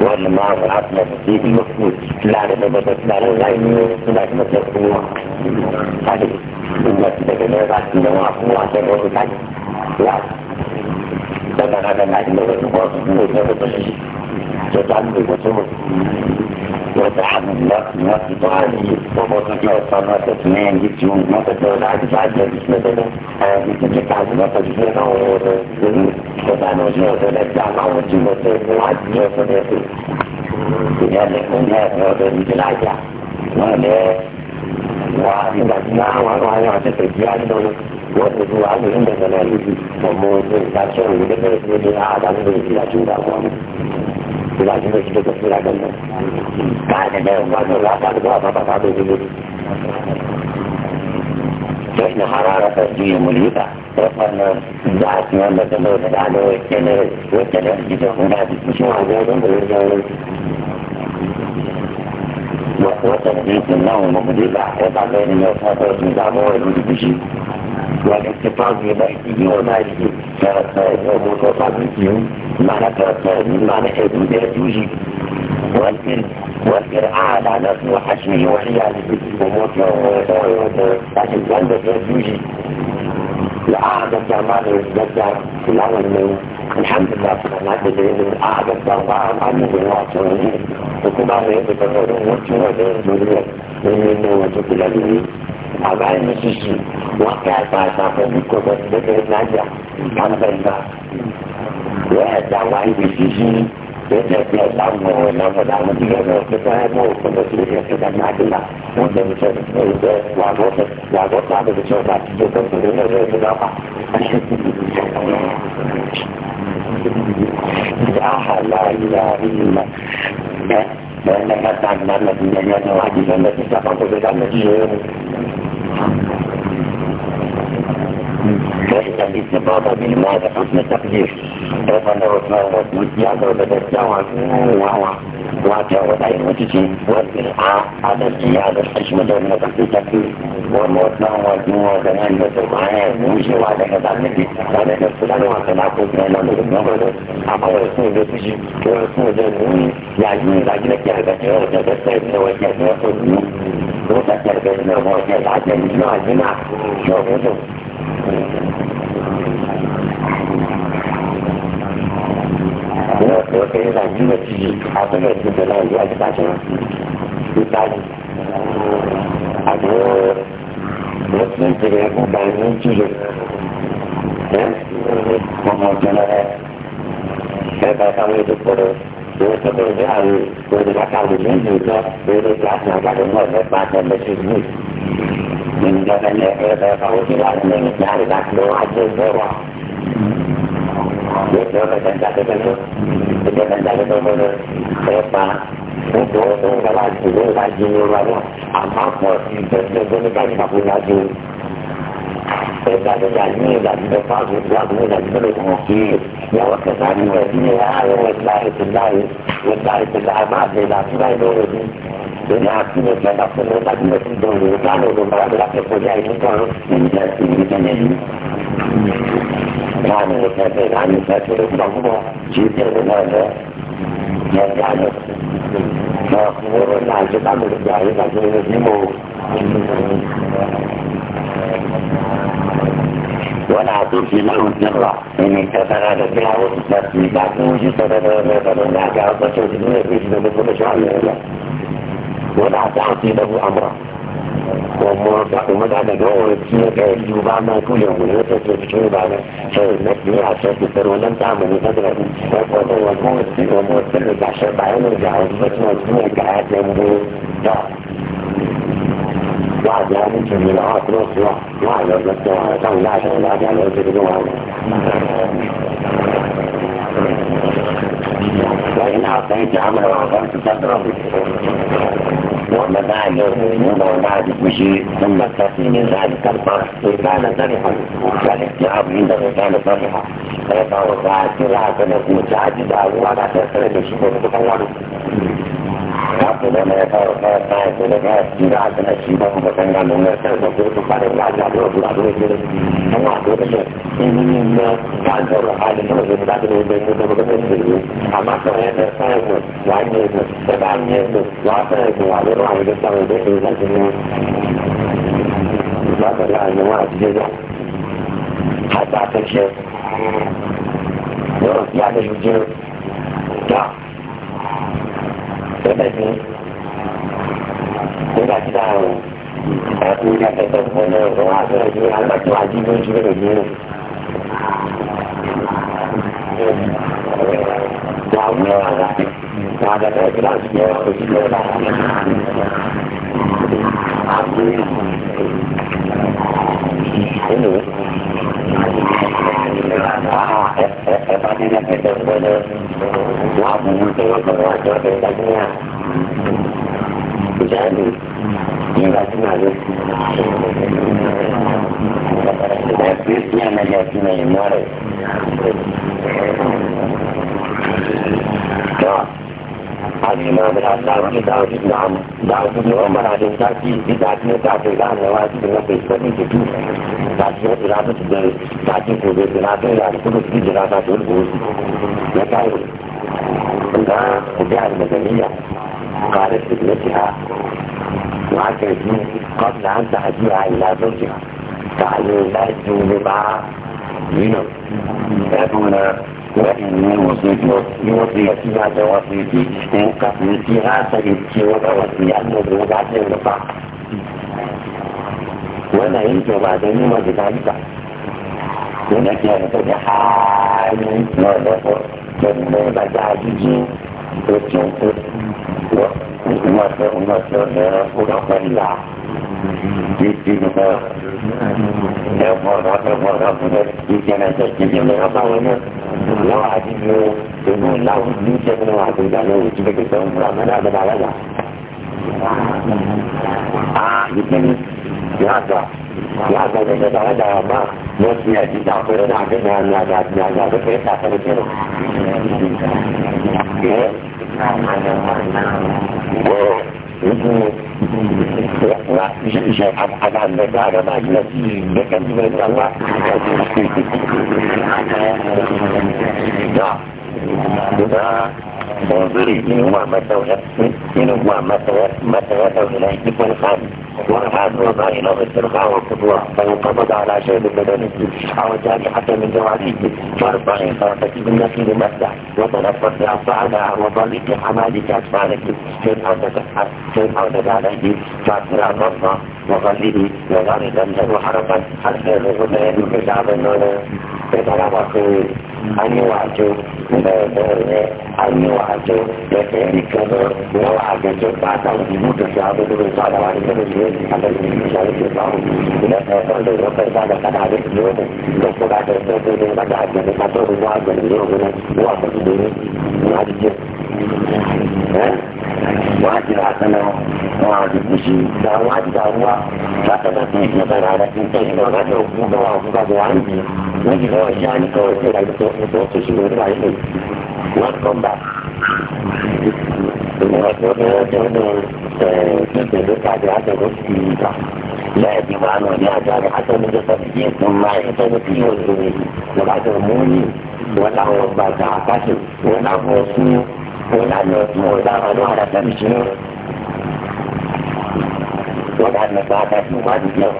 wannan ma ba a kuma da shi mutu la da da da da da da ne da kuma da kuma ta da ne da da ne da da da ne da da da ne لا بدل هذا ما عنده وتبارك وتبارك وتعمل وتبارك وتحمل الله ما تطالي وبطنك وصار ما تتنين جبت يوم ما تتنين عدد عدد بسم الله جبت جبت عدد ما تتنين وطعن وجهة وثلاثة عمع وجهة وعدد جهة وثلاثة لذلك هناك هذا مثل عجع ولا وعدد عدد معه وعدد عدد عدد والرجوع عنه عند زمانه وموت البشر والبشر قاعد عنده في العجول أقوامه في العجول في تفسير عجلنا قاعد لا يوم الله قاعد بقى فقط عبد الجلد احنا حرارة فردية مليئة وصلنا بعد ما مثلا بدعنا والتنرد والتنرد جدا هناك مشروع زيادة وصلت منه مبدلة وبعدين ما صارت مزعمور المدبشين والاتصال ببيته وماله ومتصال به معنى ترتابه معنى ابن يجوجي والإرعاء على نفسه وحشمه وحياله وموته وحشمه عند يجوجي العادة جمال يتجدد في الأول من الحمد لله سبحانه وتعالى العادة جمال عنه الله سبحانه وتعالى وكما يتجدد وشوه يجوجي من يجوجي a bayan sisi wata ya sa ta fahimci ko ba da ta lafiya an fahimta ya ta wani da sisi ya ta fiye da mu na faɗa mu diga na ta ta yi ko kuma su ya ta da na dila wanda mu ta ko wagota wagota da ta ba ta ce ta su ne da ta da ba ya halala ya rima dan kata-kata dan lagi nyanyi lagi dan lagi tak mampu dekat lagi وإلا بإذن بابا بن ماذا حسن التقدير سوف نرد نرد يعذر بدأ الدعوة وهو واقع وضعي المتجي والإلعاء هذا الجياد الحجم دون نفسي تقدير وموتنا وموتنا وزمان نسوق عنه ويجي وعلى هذا النبي وعلى نفس الأنواع فنعقود من نرد نرد أما رسول بتجي ورسول ذلك يعجبني لعجلك يا بني ورد نفسي نوجه نفسي وتأثر بين الموتى العدل من نوع الجماعة 我我给让你的记忆，他这个就是让你二十八斤，有大力，啊我我自己的不敢能记住，嗯，我我现在在在上面就过了。我这边家里，我这家家里邻居说，我这家乡家里我才发现的是你。mình cho nên để để để cầu thì lại mình ra thì đặt đồ ăn chơi chơi qua để cho cái chân chạy cái chân được thì cái chân chạy cái chân được để mà cũng có cũng có lại chỉ có lại chỉ nhiều lại rồi ăn mát rồi để để cho cái cái mà cũng lại chỉ để ra cái chân như là để phá cũng ra cũng là cái được một chi nhà vật cái chân như là như là rồi lại thì lại rồi lại thì lại mát thì lại lại rồi un attimo che hanno fatto la direzione di Milano dove la proposta è stata indipendente. Rano le cose hanno fatto il bambino, ci terminano, non hanno. Ma ora non c'è tanto da fare, ma se ne siamo. ولا تؤتي لهم سرا ان انتصر بها وتصدق بعد وجود سبب ولا تبنى كعبة وتبنى في سبب كل شيء ولا تعطي له أمرا ومدعنا جوه فيك يبعنا كل يوم ويوتك يشتري بعنا فالنسبة عشان تسر ولم تعمل مدرة وموت وموت سلس عشان بعين رجع وزبتنا وزبنا كعاد يمدو وعد واحد يعمل من الملعات نص واحد واحد وزبتنا تعمل العشاء والعاد على وزبتنا انت عمل وعطانت تضرب wannan zai yi na wanda da kushe sun ba ta fi ne za a karba to ta na zari ha ga ne ya abu inda ne ta na zari ha ta ya ta wata kira ta na kuma ta ji da ruwa da ta tsara da shi ko ta kan wani Rabu da mai kawo kawo kawo da kawo shi da na shi gano da da da da da yi na ta zaura halin da zai da da zai da da da zai yi amma kawai yadda sai da ba da da da da ya da trở lại thế chúng ta chúng ta đã chúng ta phải tập huấn rồi và hóa ra chúng ta đã qua đi với chúng ta nhiều đào nhiều là ta đã phải cái đào nhiều là chúng ta đã làm gì thế nữa jadi Krishna menjadi memori तो आज इमाम राम के दाऊद नाम दाऊद ने हमारा देश की विदात में काफी गाने वाली दुनिया की स्थिति की تعجيل إرادة الدين تعجيل قوة إرادة يعني كل في إرادة والبوز يتعب عندها الجهة المدنية قالت ابنتها وعكست قبل أن تأتيها إلى زوجها تعليل لا يجوز مع دينه يدون وإني وصيت وصيتها بوصيتي إن قتلتها سجدت وتوصيها النبوة بعد النفاق yanayin ba da nima da dalika yana kira da ta hali na da da ba da jiji ko cin ko kuma da kuma da ko da kwalla jiji da ba da ba da da ba da ba da jiji na da ne na ba wani lawa jiji da mun lawa jiji da wa da da wuce da ke san mu amma da da ba da ah jiji yaka yaka da da da da ba wasu ya ji da ko da da da na da da da da kai na da da da da da da منظري منهما ما توجه منهما ما ما توجه إليه بالخان والخان وضع إلى الاسترخاء والخطوة فينقبض على شيء البدن أو الثاني حتى من جوارحه فارفع انصرفك بالنسيل مسح وتنفس بأصبعنا وظل في حمالك أسفارك كيف تسحر كيف أودت عليه فأسرع مرضى وظله وظل دمه حرقا حتى يغنى بشعب النور بسلام أخيه أني وعجوب أني وعجوب abin da ta yi kada yawa abin da ba ta wuce mutu shi abin da bai sa da wani kada shi shi ba mu ta yi kai kada yau da ko ta yi ta ruwa da ne ne wa ji a sana wa ji da wa ji da ruwa ta ta yi na bara ta yi da ta da ku da wa ku da wani ta ta ta يطلع بهذا الرسم لا يجب عنه ان يعزى على حسب الجسد يكون معي فيه والزميل وبعد الموني والأمر بعد عقاته والأمر وصيه والأمر مهدار الوحدة تمشيه وبعد مساعدات مبادلة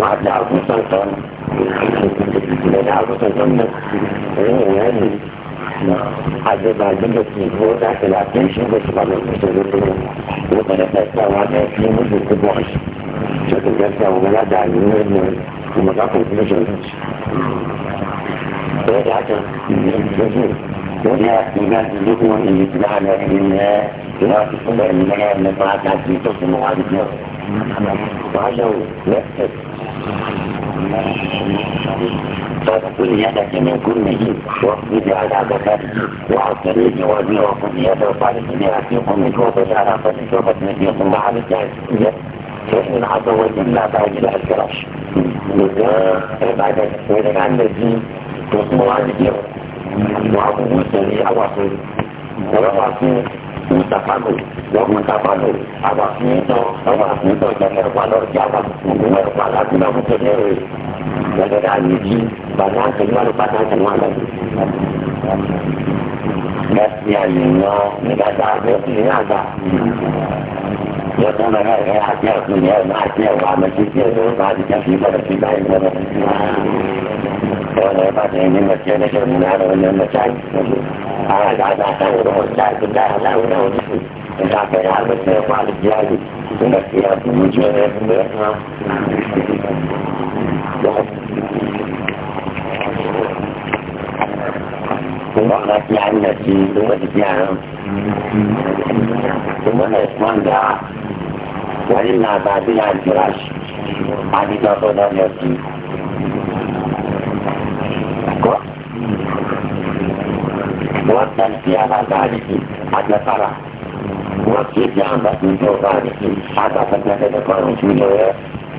وعد لعبه سلطان لعبه سلطان يعني از مردم بسید و در تلافیشون بسید و بسید و من استوانه فیلم بسید باش چطور گفت اولا در نیمه اومدن خودمه جایید به حتی هناك إيمان لكم الإسلام لله يوافق الإيمان لطاعة عزيزكم وعزيزكم وعلوا يفتح فكل يدك من كل جيب واخذ عذابك وعطر لجوابي وخذ يد وطالب بها في قمك وخذ على قدك وبطنك يقوم عليك فإن عضوت لا بعد إلى الفراش بعد السؤال عن الدين تصمر عن اليوم وعضو مستمع واصل ورفع فيه mutafanu wa mutafanu awa kunto awa kunto jẹnẹ wala jawa kuntumẹ wala kuna kuntumẹ o jẹnẹ ka yi ji bana kẹnyẹ wala bana kẹnyẹ wala. Kasi alinyo, nagagabi at nilaga. Yo tan na kaya hakya at niya, hakya wa masisya do, bali ka siya na siya ay mga siya. Kaya na ba din ni masya na siya na ro na masay. Ah, da da da ro da da da da ro. Da ka ya ba siya pa siya ni. Na siya ni je na. kuma na fi hanyar ji duka jiki a nan kuma na isman da wani na ba bi na jira shi a ji ta so da hanyar ji ko wannan fiya na ba jiki a nasara wasu ya fi hanyar ji ta ba jiki a ta fata da kwanan shi ne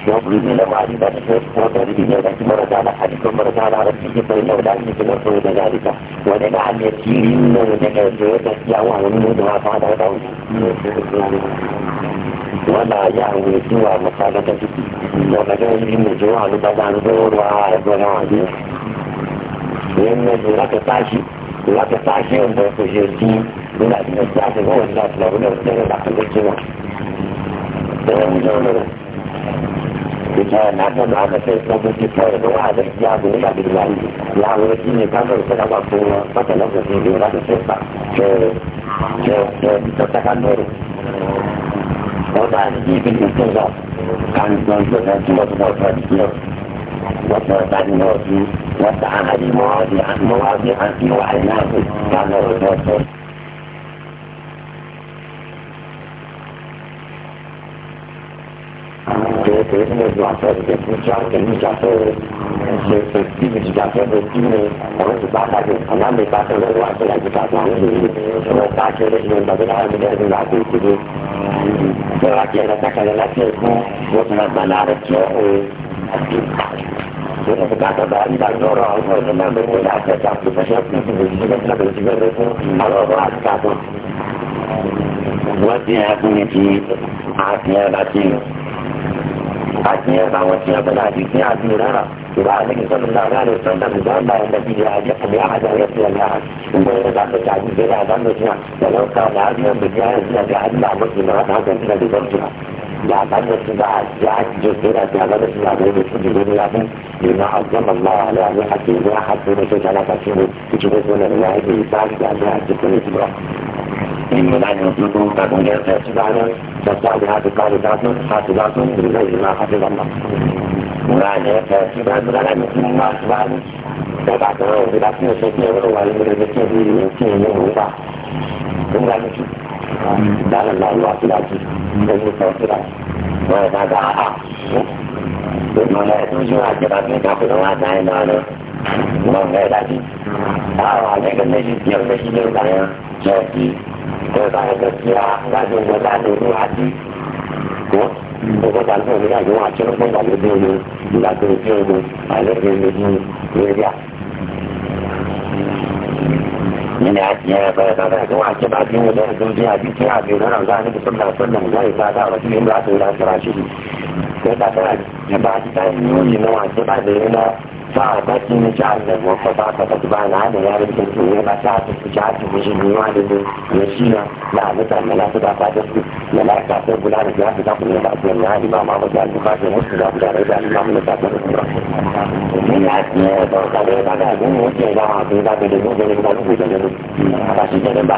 يضرب من معرفة وضرب من مرض على حديث مرض على ربه فإنه لا يمكن أن يقول ذلك ولنا عن يسير ولنا يتسيا وهو منه ما فعل له ولا يهوي سوى مصالحة ومجال من جوال بدن دور وعادنا عليه لأن لك تعشي لك تعشي وانت تجلسين لا تنسى هو الناس لو لم كتاب عبد على فيصل كتاب واحد يعبد إلى بالله يعبد إلى كذا وكذا وكذا فتلا في جوران فيصل ك ك ك تتكلم وضع الجيب المستوى عن جنس الرجل وتوفى بكير وتوفى بنوتي وسعى هذه المواضيع مواضيع 为什么软色的不加跟你加色，是是第一级加色的，因为我们是八大就从来没发生过软色来去加色，我们大学的时候到这大学的时候拿回去的，这个见了大概的那些，我从来没拿的教会，所以我们大学的一般都让我们那边的大学教授们说，这个那个这个都是拿了软色加色。我今天跟你提，阿今天来听。حكي يبقى وشي بلا حديثي عبد الهرى يبقى النبي صلى الله عليه وسلم قال لا النبي لا يقم أحد أن يصل الأحد إذا يدعى التعديل بلا ظن شيئا ولو كان عدلا بالجاهز الذي عدل مسلم رفعة إلى بزوجها يعني عدد السباع الساعات جزيرة في عدد السباع بين السجود يعني بما عظم الله على أن يحكي إذا حكي نشيط على تشيره تشيره من الواحد الإسلام يعني حكي كل إسلام المسلمين والآن يطلقون فهم يتبعنا فالتعليمات الطالبات حافظات بغير ما حفظ الله والآن يتبعنا والآن المسلمين ما أتبعنا تبعت بلاسنا شكنا وهو المدرسين في المسلمين وضع ثم ذلك دعا الله الواقع العزيز المتوفر وهذا دعاء بما لا يتوجه على الجباب من تأخذ وعد عين على non è da lì allora non è che mi dice io invece di andare c'è chi cosa è che si ha la gente da lì non ha chi o cosa non mi ha non ha c'è non può dare bene la corruzione alle rende di vedi من أجل فواجب بعدين ولا زوجها بيتها بينها وزاني بسم الله صلى الله عليه وسلم وفيه امرأة ولا تراشدي كذا بعد بعد تعلمون لما عجب علينا ba a ki na ja ne mo ba ka ba na da ya rin kin ne ba ta ta ja ta da ne shi na la ne ta mala ta ba su ne la ta ta da ya ta ku ne ba ta na ima ma ba da ba ta musu da da da ima ma ta ta ne ya ne ba ka da ba da ne ne ke da ma ta da da ne da ne da ne da ne ba shi da ba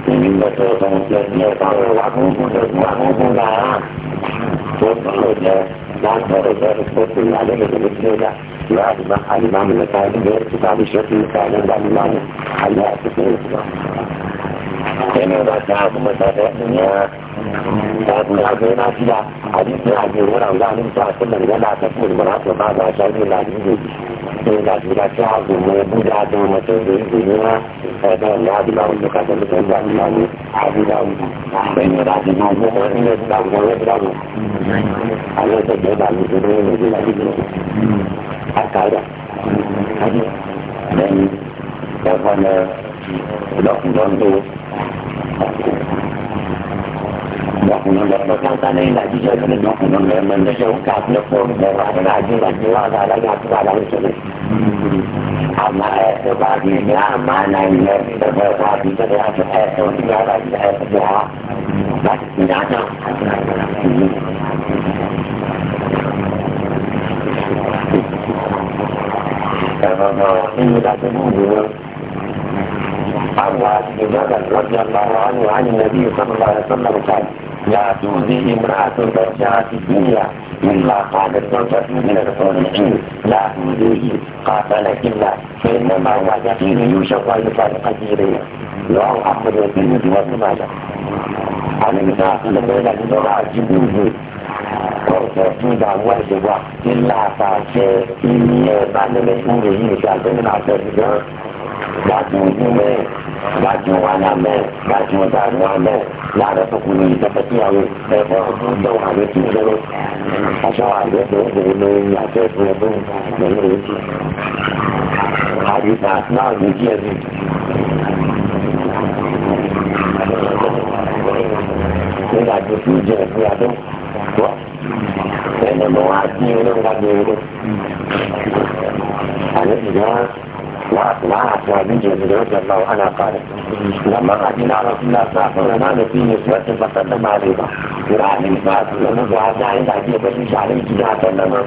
الإمام النسائي غير كتاب الشيخ النسائي عند الإمام على أساسين لأنه بعد ساعة ثم ساعة الدنيا ساعة من عزيزنا كده حديثنا عزيزنا ولا أولاد نساء كلنا لا تكون المناطق بعد عشان من العزيزين sun da su da ta gumo buda don mata zai duniya a da na da lawo da ka da mutum da na ne a bi da mu da ne da ji na mu ko ne da mu ne da mu a ne da da mu da ne ne da ji a ka da dan da wannan da kun don to là cũng nên được tham gia nên amma ba ya amma na ni da ba ta bi da ya ta ta wani ya ba da ya ta na ta Kalau ini dah semua, عن رضي الله عنه عن النبي صلى الله عليه وسلم قال لا تؤذيه امرأة ترجع في الدنيا إلا قال الزوجة من الصالحين لا تؤذيه قاتل كلا فإنما هو يقين يوشك ويقال سيريا رواه أحمد والترمذي وابن ماجه عن النساء صلى الله عليه وسلم الجبوز وتأكيد عن واحد إلا فاشي إني بعد ما يكون رجيم شعبين عشر bakin ime bakin wana mai bakin zanuwa mai lára tó kú ní ìjọba tí àwọn ẹ̀fọ́ ọ̀dọ̀ wà ló ti dúró aṣọ àgbẹ̀ tó ń bèrè lórí ní àjọ ìfún ẹgbẹ́ ìgbẹ̀lẹ́ ojú àdìsá náà ló jẹ́ bí. nígbà tó fi jẹ ẹgbẹ́ adó wọ́ ẹnu mọ́ wá sí ẹgbẹ́ adó ẹgbẹ́ àlejò náà. ما أسمع بنت رضي الله عنها قال لما قدمنا رسول الله صلى الله عليه وسلم في نسوة فقدم عليها قراءة من بعد لما عند عدي بشيش عليه سجاة لما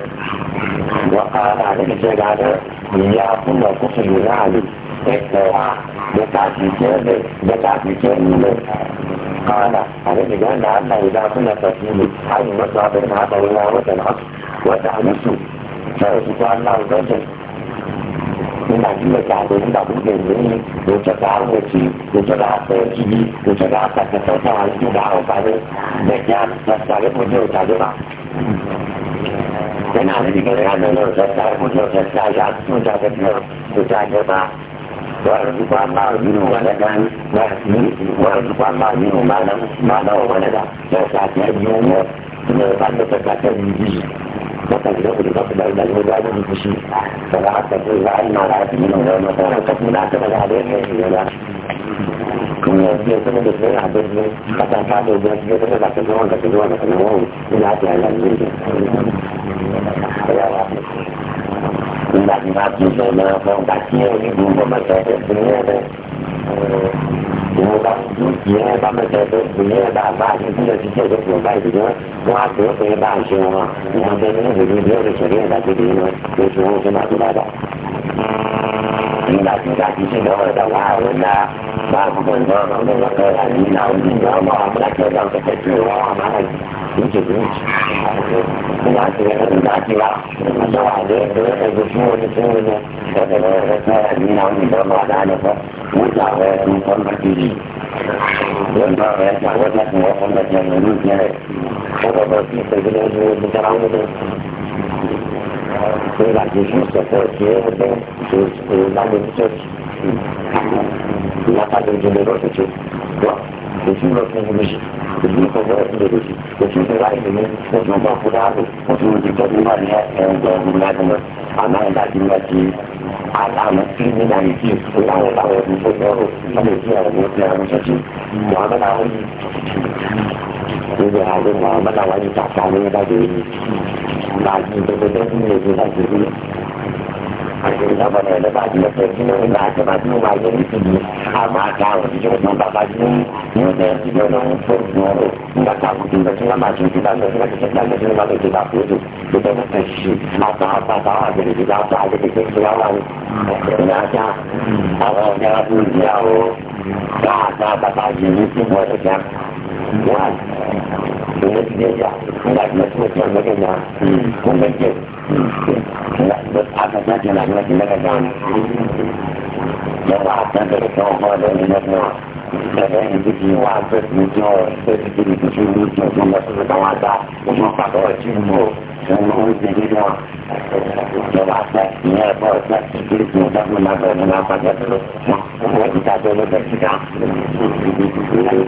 وقال عليه على يا كل كفر يرعني اكتوى بتعفيتين بتعفيتين قال عليه على الله إذا كنا تسليم حي مصابر مع الله وتنعص وتعنسوا فيسوى الله زوجا nhưng mà những người già tôi cũng đọc những người những người cha cha người chị người cha cha người chị người cha cha sạch sạch sạch sạch sạch sạch sạch sạch sạch sạch sạch sạch sạch sạch sạch sạch sạch cái nào thì có thể ăn được rồi sạch sạch sạch sạch sạch sạch sạch sạch sạch sạch sạch sạch sạch sạch sạch sạch Wa Matanggiwa ko dito sa dahil-dahil mo dahil ng pusin. Sa lahat ng lahat na lahat ng mga mga mga mga mula sa mga hadir na yung wala. Kung yung tiyo sa mga gusto na hadir mo, katasado dyan sa mga katagawa, katagawa, katagawa, lahat yan lang din. Kaya wala. Kung dati-dati sa mga kong dati, hindi mo mamatay sa mga 我把我把那个我把把这个这个我把这个我这个把这个嘛，我把这个这个这个这个这个这个，就是我先拿出来的。你那你那以前我在外文呐，那不管多少那个个人，你那我你那嘛，那个那个在做啊，那个你就你，你那这个你那这个，你说话这这这个说的说的，那个那个个人，你那你那嘛，那那个我讲的你分不清。我那个讲我那我分不清，你听的，我我我这个这个这个这个。realizm să fie de validități. La cadrul generosității, doar. Deci nu vă da a a thì giờ hai bên ngoài bắt đầu anh chạm vào những cái gì mà chúng tôi biết những người gì là gì anh thấy nó vấn đề là bài gì mà thế chứ nó là cái bài nó bài những cái gì à mà cao thì chúng tôi đã bài những những cái gì mà nó không nó đã cao thì chúng ta chúng ta mà chúng ta đang là chúng ta đang là chúng ta đang là chúng ta đang là chúng ta đang là chúng ta đang là chúng ta đang là chúng ta đang là chúng ta đang là chúng ta đang là chúng ta đang là chúng ta đang là chúng ta đang là chúng ta đang là chúng ta đang là chúng ta đang là chúng ta đang là chúng ta đang là why? Because they are not mutual with them. When they get, but after that, you're not making another one. You're not going to get so hard on the next one. ìdíjì wà bẹ̀rẹ̀ níjì ọ̀rọ̀ ìdíjì ìdíjì ìdíjì ìdíjì lọ sí ìgbà wọn dá ìmọ̀ pàtó ọ̀jì mú o ìwọ̀n ó ń tẹ̀lé wọn ìjọba àpẹ ìyẹn ẹ̀kọ́ ẹ̀kọ́ ìdíjì ìdíjì ìdájọ́ náà bẹ̀rẹ̀ nínú apájá tó lọ wọn ìdájọ́ ló bẹ̀rẹ̀ sí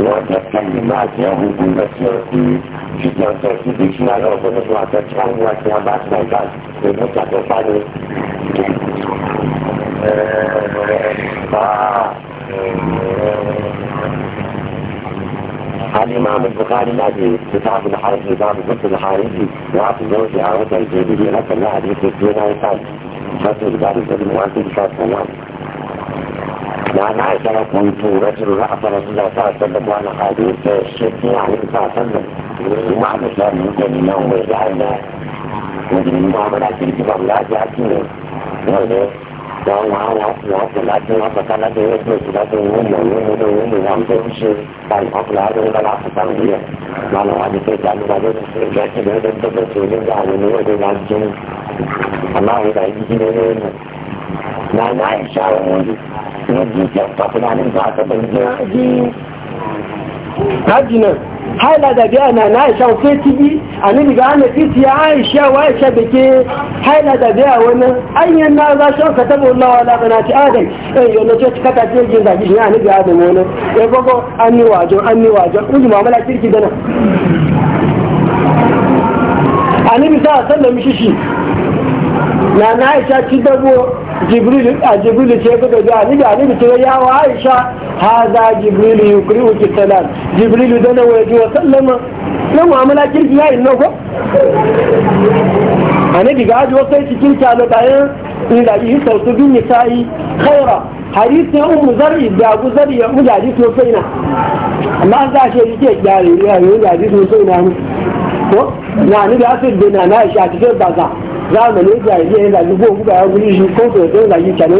وأتكلم معك يهود المسيحي في تنسيتي بيشنا لو بنسمع تتكلم وأتنا بس ما يقال بنسمع تتكلم الإمام البخاري الذي كتاب الحرج كتاب الفقه الحارثي وعطي زوجي عروسة الجيبية لكن لا حديث الدين عن فاتح كتاب الزمن وأنت كتاب سلام وعن عائشة كنت رجل رأس رسول الله da الله da وسلم وأنا قاعد يشتكي عليه صلى الله عليه وسلم وما عرفش ممكن إنه يجعلنا ممكن إنه عمل عشان كبار لا جاكين don wahala ya talatin wata kana da ya ce shiga da yin da yin da yin da yan da shi ban hakula da da la su san biya malam wani sai da mu da da su ya ce da da da su ne da mu ne da da jin amma ya da yi ne ne na na insha Allah hajjina haila da biya na na aisha ofe tibi a ni ga ana fiti ya aisha wa aisha da ke haila da biya wani anyan na za shi ka taba wala wala bana ci adam eh yo no ce kata ce jin da ji ya ni ga adam wani ya gogo an ni wajo an ni wajo uji mamala kirki dana annabi sa sallallahu alaihi wasallam shi na na aisha ci dabo جبريل آه، جبريل تيبدا جانب عليه يا عائشة هذا جبريل يقرئك السلام جبريل دنا ويجي وسلم لو عمل اجل يا انه انا دي قاعد وصلت كيف على بعين الى يسوع تبين نسائي خيرا حديث ام زرع داغو زرع مجاهد وسينا الله ذا شيء يجي قال يا مجاهد وسينا ko na ni da asir bin na za jahiliya ya zagi ko ya guji shi ko ya guji ya zama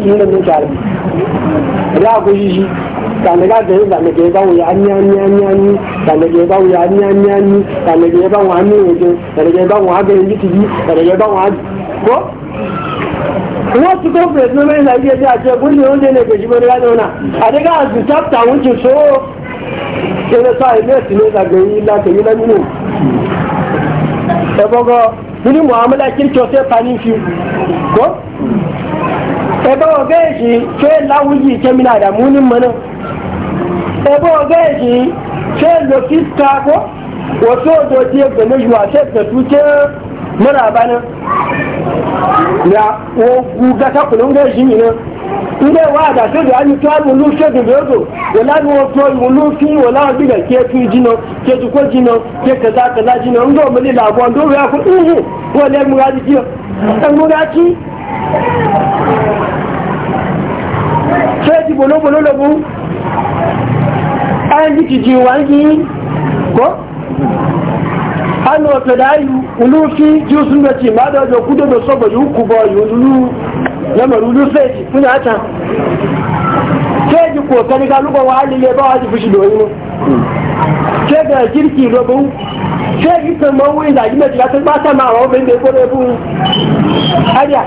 ke ba wuya an yi an yi an yi an anyị anyị anyị. ba wuya an yi an yi an yi kyanin ke ba wuya an yi wajen kyanin ke ba wuya ganin yi tibi kyanin ke ba wuya ko wọ́n ti kó pèsè lórí ìlàjí ẹgbẹ́ àti ẹgbẹ́ ní oúnjẹ ní èkejì mọ́ni láti ọ̀nà mini mu'amala kirki sai fani fi ko ebe oge ji fe lawuji ke mina da munin mana ebe oge ji fe lo fiska ko wasu ojo ti ebe na yiwa se ta tuce bana ya o guga ta kulun ga ilé wa àdàtẹ́dù àyíká múlú ṣẹ́dùn lóòdò wòláàbí wọn tó múlú kí wòláàbí kí ẹtù jìnà kí ẹtùkọ́ jìnà kí kẹtàkẹtà jìnà ń gbọ́ mọ́lẹ̀ làbọ̀ ọdún rẹ̀ fún ìhù wọ́n lẹ́ múra jí jìnà ẹmúra kí ṣẹ́ẹ̀tì bòlóbòló lọ́gbọ́n ẹni kìjì wà ń yí kọ́ ánà ọ̀tẹ̀dá ìlú kí jíúsùn mẹ́tì má ya marulu feji kuna ta feji kokari ga lugon wa halile ba wa fushi doyi ne ke ga kirki robu ke yi kan mawuyi da yi mai jilatun bata ma wa obin da ya kore bu hadiya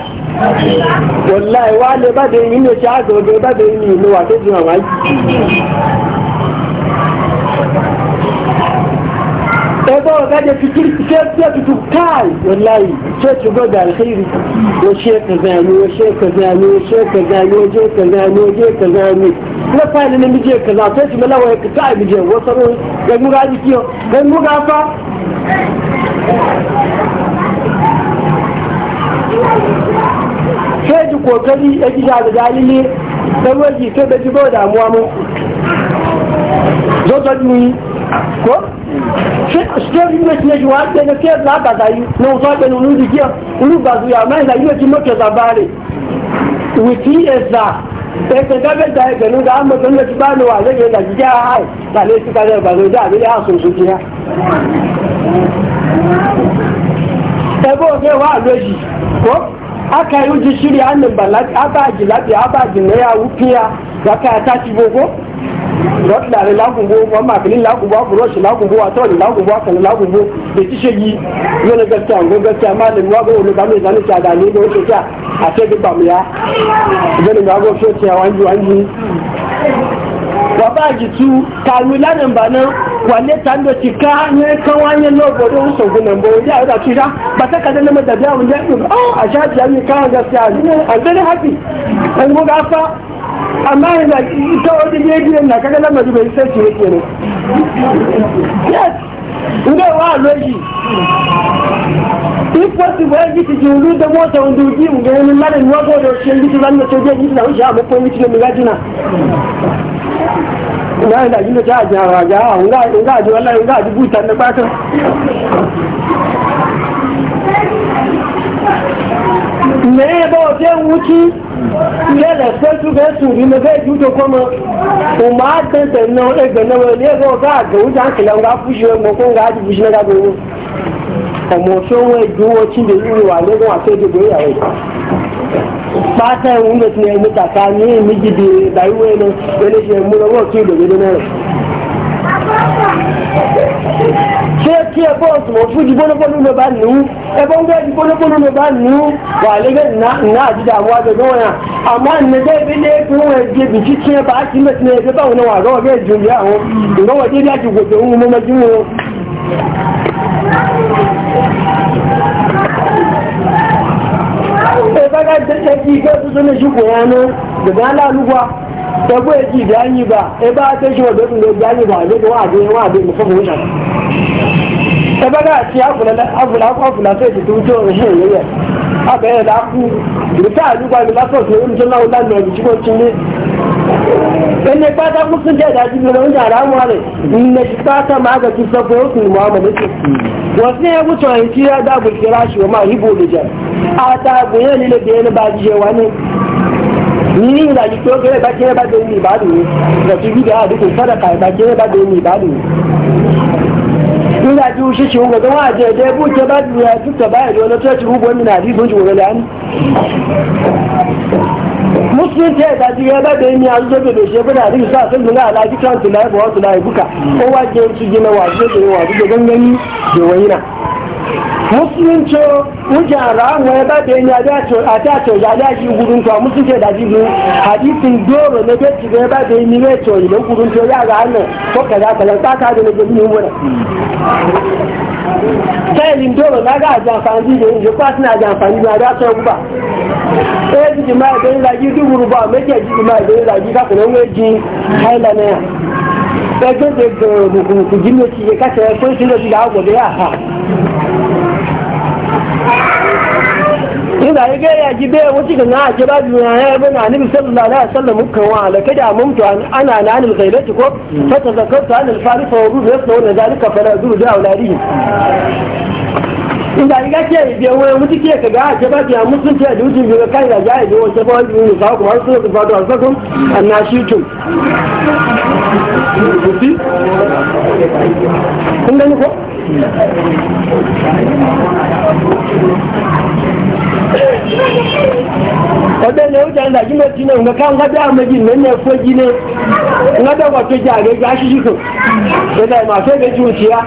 wallahi wa ba da yi ne ci ba da yi ne wa ke jima wa yi ẹgbẹ́ ọ̀gá jẹ́ fi kiri ṣe tí ẹ tutù káì wọláyì ṣe tí gbọ́dọ̀ àìsírí o ṣe kẹ̀kẹ́ ni o ṣe kẹ̀kẹ́ ni o ṣe kẹ̀kẹ́ ni o ṣe kẹ̀kẹ́ ni o ṣe kẹ̀kẹ́ ni ne fa ne ne mije kaza sai shi mala waya ka abi je wasu ro ga mu ga ji kiyo ga mu ga fa sai ji kokari ya ji da dalili sai waje sai da ji ba damuwa mu zo ko sori yóò tiɲɛ ju wa gbẹnu kí ẹ bila bàtà yìí ní wùsọ gbẹnu olú dìjẹ olú gbàdúrà yà máa ń ta yóò ti mọ̀tò ẹ̀sà báàrè wìtí ẹ̀sà ẹ̀sẹ̀ káfẹ́ ta ẹgbẹ̀nu ká mọ̀ tó ń lọ sí Ba wà lẹ́yìn ẹ̀sà jíjẹ́ àhàì tàlẹ́ sí kálẹ̀ ìbàlódé àbílẹ̀ àsòsò jìnnà. ẹgbẹ́ òkè wa lójì kó aka yi ojú shiri ànàmbà abáàjì láti abáàjì náà yà wú ya wákàtà ti boko. lọ́tìláre lágùnbó wọn máa fi ní lágùnbó àfúrọ́ṣì lágùnbó àtọ́ọ̀lì lágùnbó àkànlẹ̀ lágùnbó ètíṣe yìí lọ́nà gẹ́gẹ́ àwọn gẹ́gẹ́ máa lè wá gbọ́wọ́ lọ́gbàmù ìdáni ti àdá nílò ó a àti ẹgbẹ́ gbàmùyá ìgbẹ́ni mi àgọ́ fún ọ̀tí àwọn yìí wọ́n yìí. bàbá àjìtú kàwé lánàmbà náà wà ní tàbí ti ká ní kan wá ní lọ́gbọ̀ ló ń sọ̀gbọ̀n náà bọ̀ ní àwọn àtúnṣá bàtà kàdé lọ́mọ dàbí àwọn jẹ́ àṣà àti àmì káwọn jẹ́ sí àdínà àgbẹ̀rẹ̀ amma ya zaki ita wani mediyan na kaga lamari bai sai ce yake ne yes ina wa loji if wasu bayan giti da mota wanda uji mu ga yanin marin wago da wasu yan giti ranar sojiya giti na wuce a makon giti da mulajina na yi lagi da ta ajiyarwa jawa nga aji wallahi nga aji butan da bakan me ba wata wuci ya da sarki ga su ni ma zai juto kuma kuma ta ta na wani ga na wani ne ga ga ga wuta an kila ga fushi wani ma kun ga ji fushi na ga gobe amma so wai da yi wa ne yi wato da goyi a wai pata ẹ̀ ne gbèsè ẹ̀mú kàkà ní ìmíjìdì ìdáwó ẹ̀nà ẹlẹ́sẹ̀ ẹ̀mú lọ́wọ́ sí ìdòwé lónà rẹ̀. tí ó tí ẹ̀kọ́ ọ̀sùnmọ̀ fún ìdíbónúbónú ló bá nù ú ẹ̀kọ́ ń gbé ìdíbónúbónú ló bá nù ú wà lẹ́gẹ̀ náà àjíjà àwọn agbègbè wọn yà àmọ́ ìnẹ́gbẹ́ ìbílẹ̀ pé wọ́n ẹgbẹ́ bìtí tí ẹ bá ti mẹ́tì ní ẹgbẹ́ báwọn náà wà lọ́wọ́ bẹ́ẹ̀ ju àwọn ìnáwó dédé àti gbogbo ohun mọ́mọ́jú wọn. kaga da ka su suna shi koyana da na lugwa da ko yaji gani ba e ba ta shi wadda sun gani ba ne da wa'ade wa'ade mu kafa wuta ta baga ci afula afula afula sai ta tuto ne shi ya aka yi da aku da ta lugwa da lafiya sai in tana wannan da cikin cikin ẹnẹ pátá kú tún jẹ́ ìdájú mi lóúnjẹ àdáwọn rẹ̀ ilẹ̀ ti pátá máa gẹ̀ẹ́jú sọ pé ó kùn mọ́ọ̀mọ̀ lókè wọ́n sí ẹgbù tàn èyí tí ẹ dáàbò ìṣẹ́ra ṣe wọ́n máa yíbo olùjẹ́ àtàgbò yẹn nílé bí ẹni bá jíjẹ wa ní ní ìlàjì tó kéré bá jẹ́ bá dé ní ìbádùn ní ìrọ̀tí gbígbà àdúgbò sádàkà ìbá jẹ́ bá dé ní ìbádùn ní ìlàjì òṣìṣẹ́ òun gbọ̀gbọ́n àjẹ ẹ̀jẹ̀ bó jẹ́ bá dùn ẹ̀ tó tẹ̀ da lọ́tọ́ ti rúgbọ́n mi musulunci ya daji ya ba da yimi azu zobe da shebu da hadisi sa sun duna alaji kan su laye bawa su ko wajen kowa ke su gina wasu da yawa su da gangani da wayina musulunci wujan ramu ya ba da yimi a ta ce ya da shi gudun to musulunci ya daji ne hadisin doro na beci da ya ba da yimi ne to idan gudun ta ya ga hannun ko kaza kaza ta ka da na gani ne fẹ́ẹ̀lì dòrò lága àjọ àǹfààní ìjọ ìjọ pàtí náà na àǹfààní ìjọ adásọ ọgbà ẹ̀yẹ́ ti jìmá ìdó ńlá yìí dúburú bá méjì ẹ̀jì jìmá ìdó ńlá yìí kápẹ̀lẹ̀ ni da ga ya ji bai wuce ga na ji babu na ya ba na nabi sallallahu alaihi wasallam wa ana na ko fa an al farif wa rubu zalika da auladihi in da ga ce bai wuce ke ga ba musulunci a dukkan bi kai da da ba ne sa ku har su da fadu azakum kun gani ko ọdẹ ni ó jẹ́ ìdájí mẹ́tí náà nǹkan a ń gbádẹ́ àmẹ́jì lẹ́nà ẹ̀fọ́ jí ní ńlọ́dọ̀wọ̀ tó jẹ́ àrẹ gbá ṣíṣí kò ìdá ìmọ̀ àfẹ́gbẹ́ jù sí á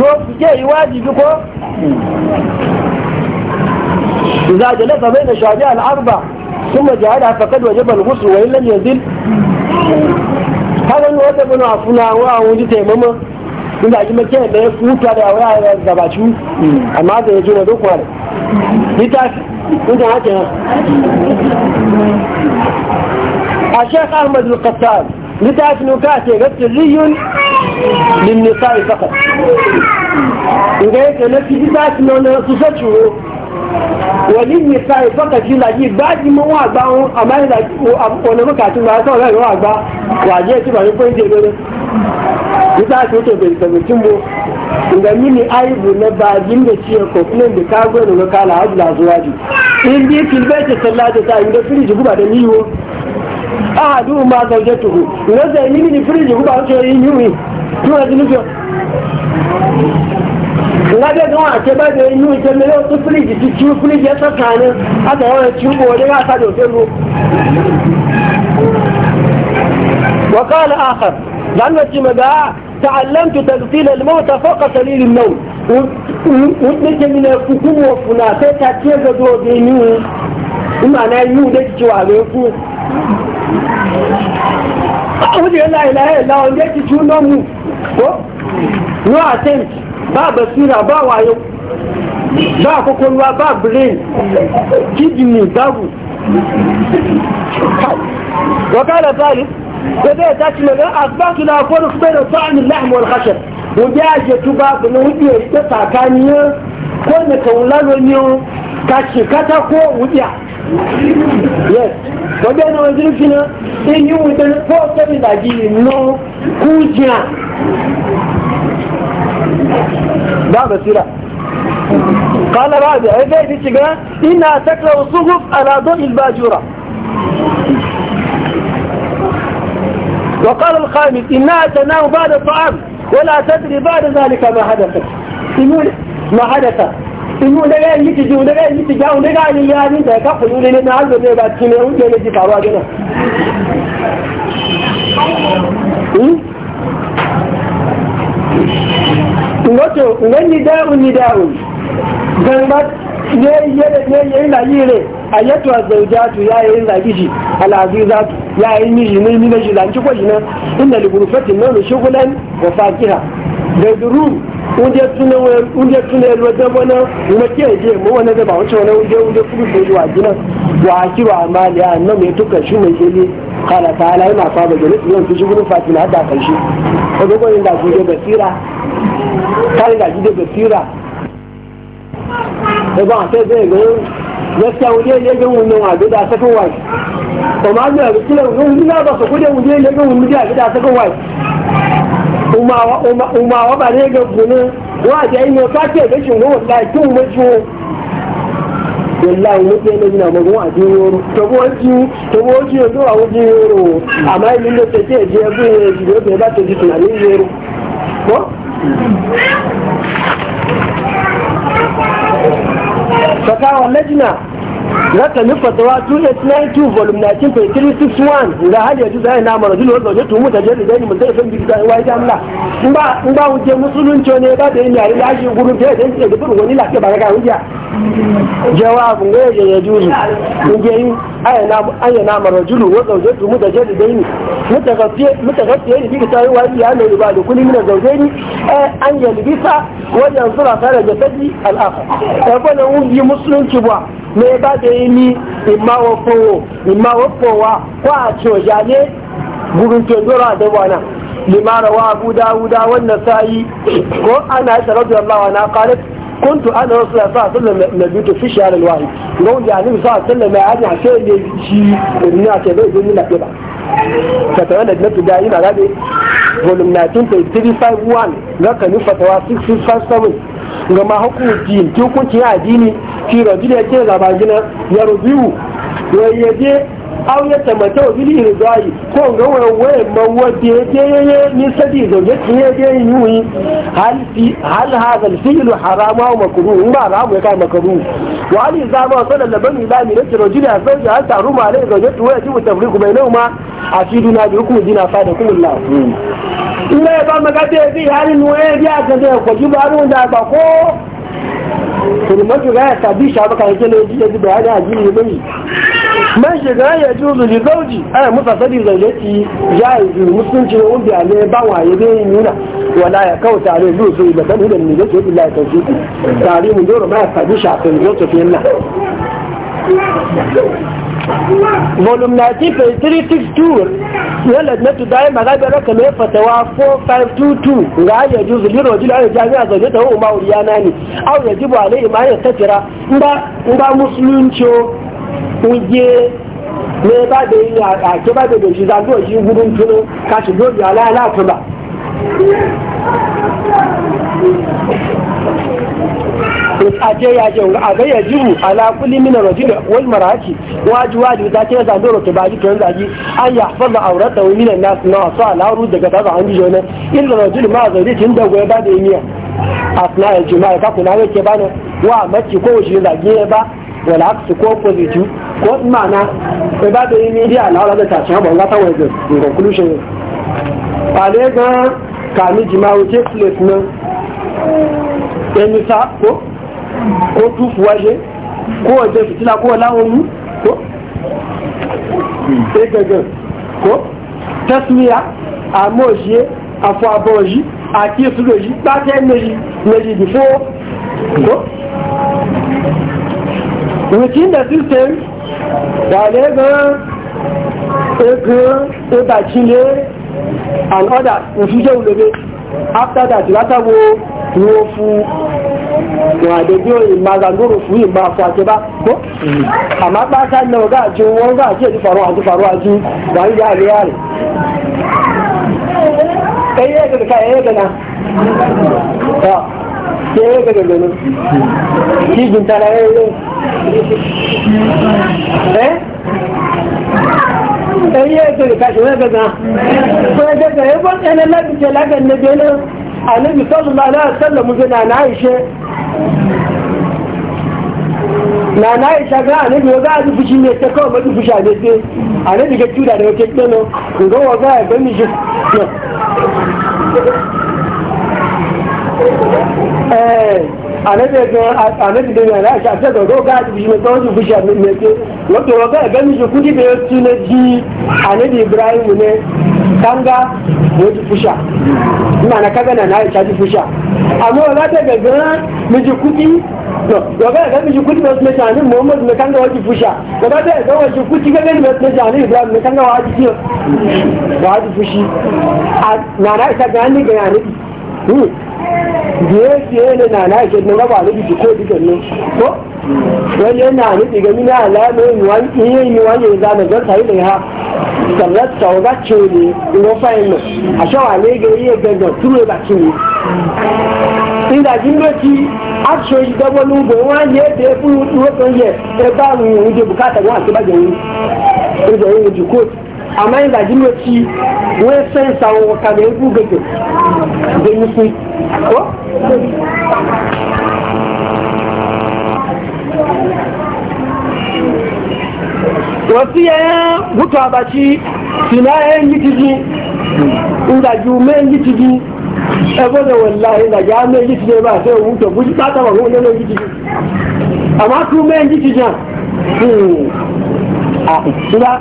ló fi jẹ́ ìwádìí dúkọ́ ìzájẹ́ lẹ́tọ̀ọ́ bẹ́ẹ̀ ni ṣàdé àlárùbà ثم جعلها فقد وجب الغسل وإن لم يزل kaga ni wata bin afuna wa wuri taimama in da kima ke da ya kuta da wa ya gabaci amma da ya jona duk wani litafi in da hake nan a shek ahmad al-qattan litafi ka ce ga sirriyun limnisa'i fakat in ga yake na fi litafi na su sa ciro wali nisa faka shi laji baji mun wa gba hun da wani bukatun ba ta wani wa gba wa je ti ba ni ko ce to 17 sabu timbo mini aibu na bajin da ciye ko kuma da ka gwe da zuwa ji in bi kin bai ta sallah da ta firiji guba da niwo ahadu ma zawjatuhu na nga bɛ gan a kɛbɛ de n'u jɛ mɛ yɔ tu firiji tu tu firiji yɛ sɛ kan ne a tɛ yɔrɔ tu bɔ ne y'a ta de o tɛ lu. وقال آخر لأن الجمداء تعلمت تغسيل الموت فوق سليل الموت ودنك من الكتب وفنا تتكيز دو دينيو إما أنا يو دك جوابيكو أقول لا إله إلا الله دك جوابيكو نو أتنك ba basira ba wayo ba kwakwalwa ba brain kidney babu wakala talib ko zai tashi magana asibatu na kwanu bai da sa'anin lahmar hashar wanda ya ke tuba da na wuɗe ta tsakaniyar ko na ne kashi kata ko wuɗiya yes wanda yana wajen fina in yi wuɗe ko sani da gini no kujiya بعد سيرة قال بعد ايه دي تجا انها تكلو صغف على ضم الباجورة وقال الخامس انها تنام بعد الطعام ولا تدري بعد ذلك ما حدث يقول ما حدث يقول لا لا يجي ولا لا يجي ولا لا يجي ده كفو يقول لنا عايز ده بعد كده يقول لنا دي Thank you. ngoto ngani da'un ni da'un dan ba ne ne yayi laji ne ayatu ya yayi laji shi alazizatu ya yayi miji mai miji lanci ko shi nan inna li ghurfati nawmi shughlan wa faqiha da durum oúnjẹ tún ẹlú ẹgbẹ́ bọ́ náà wọ́n tí ẹ̀jẹ̀ mọ́ wọn lẹ́gbẹ̀ẹ́ àwọn ṣọ̀rọ̀ oúnjẹ oúnjẹ fún ìgbòho wà jìnnà wà á kírò àmàlẹ́ àná mi tó kẹ̀ṣù mi ṣe lé kàlà tààlà ẹ̀ máa fa bẹ̀jẹ̀ lẹ́sìn yóò fi ṣubú ní fatima àdà kẹ̀ṣù ọgbọ́n ní dàgbùjẹ bẹ̀síra kárí dàgbùjẹ bẹ̀síra ẹgbọ́n àfẹ́fẹ́ ìgbọ́n gaskiya wuje ne ga wannan a gida sakan wai to ma ga kila wuje ba su kuje wuje ne ga wannan a sakan wai umawa ba ne ga gunin wa da yi mota ke da shi ruwan wallahi tun mutu wallahi mutu yana yana magun a jin ta boji ta boji yanzu a wajen amma yi lullu ta ke je ya buye ya ba ta ji tunanin yoro ko? Sakawa lajina rakamin fatawa 2892 volume 19.361 da hali yanzu zai na mara zuwa zaune tumu da jari dani mutai fan bigi zai wai jamla in ba in ba wuce musulunci ne ba da yin yayi lashi gurin fiye da yake da wani lafiya ba ga jawab goje ya juri inge yi ayya namar rajulu wata zautu muta jadu da yi muta gafiye da fika ta yi wa iya mai riba da kuli mina zaune ni eh, an yi bisa wajen zura tare da sadi al'afa ɗarfa eh, na wun biyu musulunci ba mai ba da yi ni imma wakowo imma wakowa a coja ne gurin kendora da wana limara wa abu dawuda wannan sa'i ko ana yi tsarar da yallawa na kalif كنت انا رسول الله صلى الله عليه وسلم نبيته في الشهر الواحد لو يا النبي صلى الله عليه وسلم ما يعني عشان يجي ابن عتبه يقول لنا كده فتوانا ابنته دائما غادي تبتدي فايف وان لك فولوم 1931 رقم فتوى 6657 gama hukuncin hukuncin addini fi rajul yake gaba gina ya rubiu ya ويجي aw ya tamata bil irzai ko ga waye mawade deye ni sadi da ya tiye deye yuyi hal fi hal hadha al fi'lu harama wa makruh ba haramu ya ka makruh wa ali zama sallallahu bani la min rajul ya zawja hal taruma alai zawjatu wa yajibu tafriqu bainahuma afiduna bi hukmi dina fadakumullah ina ba magade bi halin waye ya ga da ko jibaru da ba ko kulmatu gaya ta bi shi abu kan kele jiya ji da hada ajiyar yi bai mai shiga ya ji uzu ji zauji ana musa sadi zaujeci ya yi zuru musulunci na wundi a mai ban waye bai yi nuna wala ya kauta ne zuwa so yi da sani da ni zai ce billahi ta shi tari mu doro ma ya sabi shafin zuwa volume 9362 yalar na tudayen magabar raka mai fatawa 4522 ga hanyar juzu liro jila a jami'a zaune ta hukuma wuriyana ne au ya jibu alai imanin tafira inda musulunci uje ne ba da yi a ke ba da doshi zanduwa shi gudun tuno kashi dobi ala ala tuba aje ya je a ga ya jiru ala kulli min rajul wal marati waju waju da ke zan doro to baji to zaji an ya fadda aurata wa min na so ala ru daga daga an jiyo ne illa rajul ma zai tin da goye ba da yimiya asna ya jima'a ka kuna yake bana wa mace ko shi zage ba wala aksu ko positive ko mana ko ba da ala ala da ta ci ba ngata wa conclusion ba ga kami place nan ko tufuwa shi ko wace fitila ko lawon mu ko sai gagan ko tasmiya a mojiye a faboji a kisu doji ba ta yi meji meji bifo ko within the system da ne ga ego ibachile and others ofujo ulobe after that látàwọ wo fún wàdébí ìmága lóru fún ìmá fún àjẹbá kó àmá pátá náà ọgá ọgá èdè àti ẹyẹ ẹgbẹ ẹyẹ ẹgbẹ náà ẹyẹ ẹgbẹ kí ẹyẹ ẹyẹ ẹgbẹ ẹyẹ ẹgbẹ náà ẹgbẹ ẹgbẹ annabi sallallahu alaihi wasallam ga na Aisha na na Aisha ga annabi ga azu fushi ne ta kawo madu fushi ne sai annabi ga tuda da wake tsano ga wa ga ga mi shi eh anabi ga anabi da yana shi a ta ga ga ji ne ko ji busha ne ne ke wato ga ga ni kudi da yasu ne ji ne kanga ne ji fusha ina na kaga na na ta fusha amma ga ta ga ga ni kudi ga ga ga ni kudi da ne tani muhammad ne kanga waji fusha ga ta ga waji kudi ga ne fushi na na ta ga ni ga ya ne biye biye ne na na ke nuna na rubi ko duka ne ko wani yana nufi ga mina alamu yin yi wani ha sannan tsaura ce ne a shawa ne ga iya gangan turo ba ce ne inda jimloti a ṣe ìdọ́gbọ́n ní ugbò wọn yé dé fún ìwé tó yẹ àmọ́ ìgbà jí ló ti wọ́n ṣe ń sa wọn kàdé ń gún gègé gbẹ̀yìn fún ọ. wọ́n sí ẹ̀ gútù àbàtì sínú ẹ̀ ń yí títí ìgbàjú mẹ́ ń yí títí ẹgbẹ́ náà wọ̀ láàrin ìgbàjú á mẹ́ ń yí títí ẹ̀ bá fẹ́ òun tó bójú pátá wà ṣíra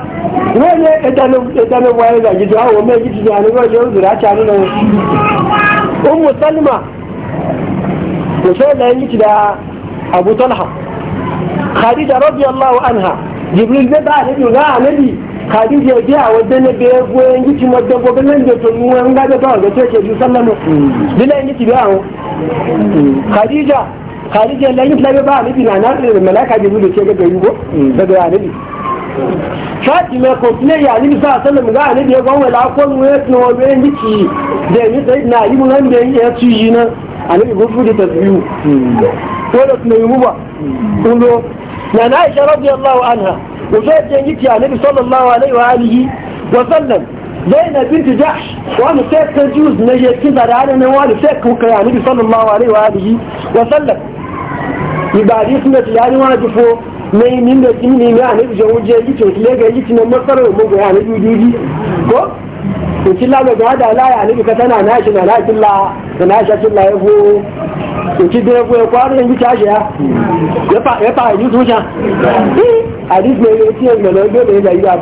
a? ní ẹ̀dánilọ́wọ́ ẹ̀dá gidi àwọn ọmọ ẹ̀gidi ní àníwọ̀ ìjọ òzùrà àti àníwọ̀ ọmọ sálìmà kò ṣe ẹ̀dá ẹ̀gidi da abu talha khadija rọ́bì anha jibril bẹ́ bá àlebi a àlebi khadija ẹ̀dẹ́ àwọn dẹ́nẹ́ bẹ́ ẹgbẹ́ ẹ̀gidi mọ́ dẹ́gbọ́ bẹ́ẹ̀ da dẹ̀tọ̀ ní wọn ńgá bẹ́ bá ọ̀gá ke ṣe sallama. sálẹ̀mù bílẹ̀ ẹ̀gidi biya àwọn khadija khadija lẹ́yìn tí lábẹ́ bá àlebi na, náà mẹ́láka jibril ṣe gẹ́gẹ́ yúgbó gẹ́gẹ́ àlebi fatima ko ne ya ni sa sallam ga ne da gon wala ko ne no be niki da ni sai na yi mun da ya ci yi na ani go fu da tasbihu ko da ne mu ba kullo na na aisha radiyallahu anha ko sai da niki ya ni sallallahu alaihi wa alihi wa sallam zainab bint jahsh wa ni sai ta juz ne ya kin da da ne wa ni sai ku ka ya ni sallallahu alaihi wa wa na yi min da kini ne a nabi jan wuje yi to kile ga yi tinan masarar mu ga yana jujuji ko to kila ga ga da laya nabi ka tana na shi na na kila da na shi kila ya go to ki da go ya kwaro yin ta ya ya fa ya fa eh, yi zuciya a dis eh. ne yi, ce mai da dole da yi ba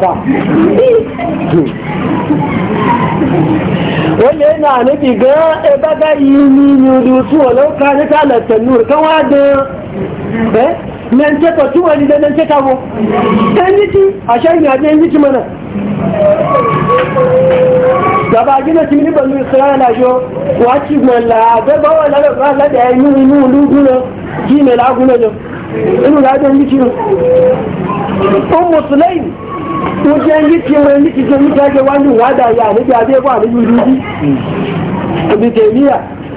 wanda yana nufi ga ebe eh, ga yi ni ni su walau ka ni ta lantar nur kan wadda eh nan ce ka tuwa ni da nan ce ka go ɗan yiki a shayi na ɗan yiki mana gaba gina ti ni banu israila na wa ci gbe la be ba wa la ba la da inu inu lu guna ji me la guna jo inu la da ni ti no o wajen o je ni ti o ni ti je ya ni ja be ba ni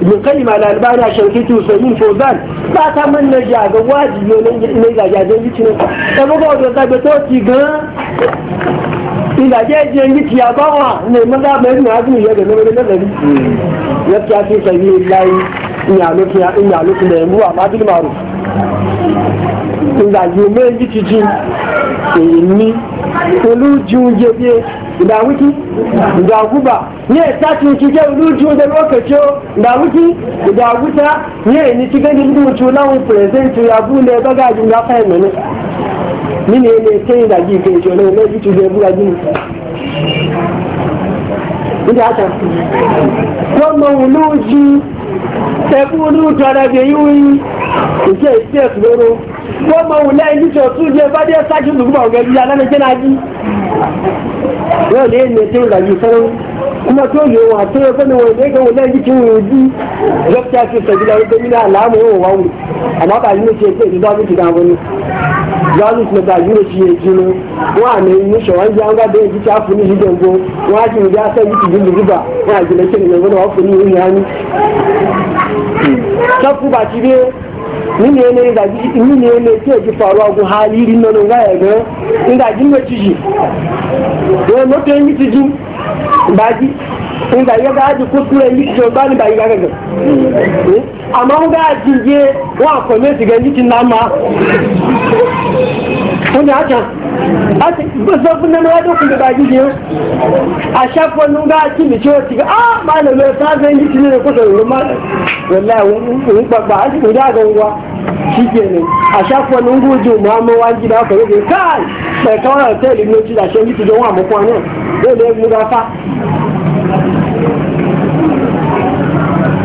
ibn kalima al-albani shankiti usaimin fozan ba ta man na ja ga wajibi ne ga jajen gici ne ta buga wato ta ga to ti ga ila je je gici ya ba wa ne maza bai na azumi ya ga na da nazari ya ta fi sabi lai ina lokin ina lokin da mu amma bil ma'ruf in ga ji ni olu ju je da wiki da guba ne ta ci ci ke ruju da lokaci da wiki da guta ne ni ci gani ruju na un present ya bule baga jin ga fa mene ni ne ne sai da ji ke jo ne ne ji da bula jin ni haka ko mo ruju e bulu tara be yi ke step ru. wọ́n mọ òun lẹ́yìn títí otu ne bá dé ṣáájú lùgbà ọ̀gẹ̀ ìyá lẹ́nìjẹ́ náà jí yóò lè ní tí ó làjú fẹ́ràn kuma tó yóò wà tó yẹ fẹ́ni wọ̀nyí lẹ́yìn òun lẹ́yìn tí ó jí lọ́pítà tó tẹ̀jú lọ wípé nínú àlàámù yóò wà wù àmọ́ bá yìí ló ṣe pé ìdúgbà tó ti dá wọn ni yọ́nù tó bá yìí ló ṣe yẹ jí wani wọ́n àmì ní ṣọ̀wọ́n jẹ́ ọ́ngá bẹ́ẹ̀ jí sáfù ní ìdíje ńgbó wọ́n á sì ń jẹ́ sẹ́yìn tìjú lùgbà wọ́n àjẹlẹ́kẹ́ nìyẹn wọ́n yi ní ìrìn àní. sọ́kù bàtí nínú ẹni ìdàjí nínú ẹni tí èjì pàrọ̀ ọgùn ha yìí nínú ọgá ẹ̀gẹ́ ìdàjí ló ti yìí wọn ló tó yìí ti jí ìdàjí ìdàjí ọgá àjò kó tó ẹni tí ọgbà nígbà yìí gàgàgà àmọ́ ọgá àjì yé wọn àkọ́ méjì gẹ̀ ní ti nà máa. wanda haka zafin nan wadda kuma ba gidi a shafon nun ga cin da ce wata ga ah malamai ta zan yi cin da kusa ruwan malam wallahi wani babba a cikin da ga ruwa shi ke ne a shafon nun gudu muhamman wa gida aka yi kai sai kawai da ta yi da shi yi don wa makon nan zai mu gafa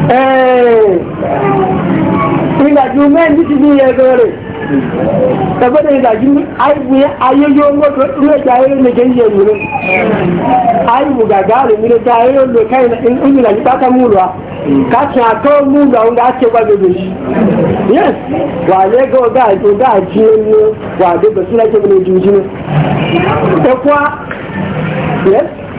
eh ina jumen ni ti gore saboda ya da ni ai buye ayoyo ngoto ne jayo ne genje ni ai buga gare ni ne jayo ne kai na in ina ni baka mulwa ka ta to mulwa unga ce ba bebe shi yes wa le go ga go ga ji ni wa de ba sura ke ne juji ne ko kwa yes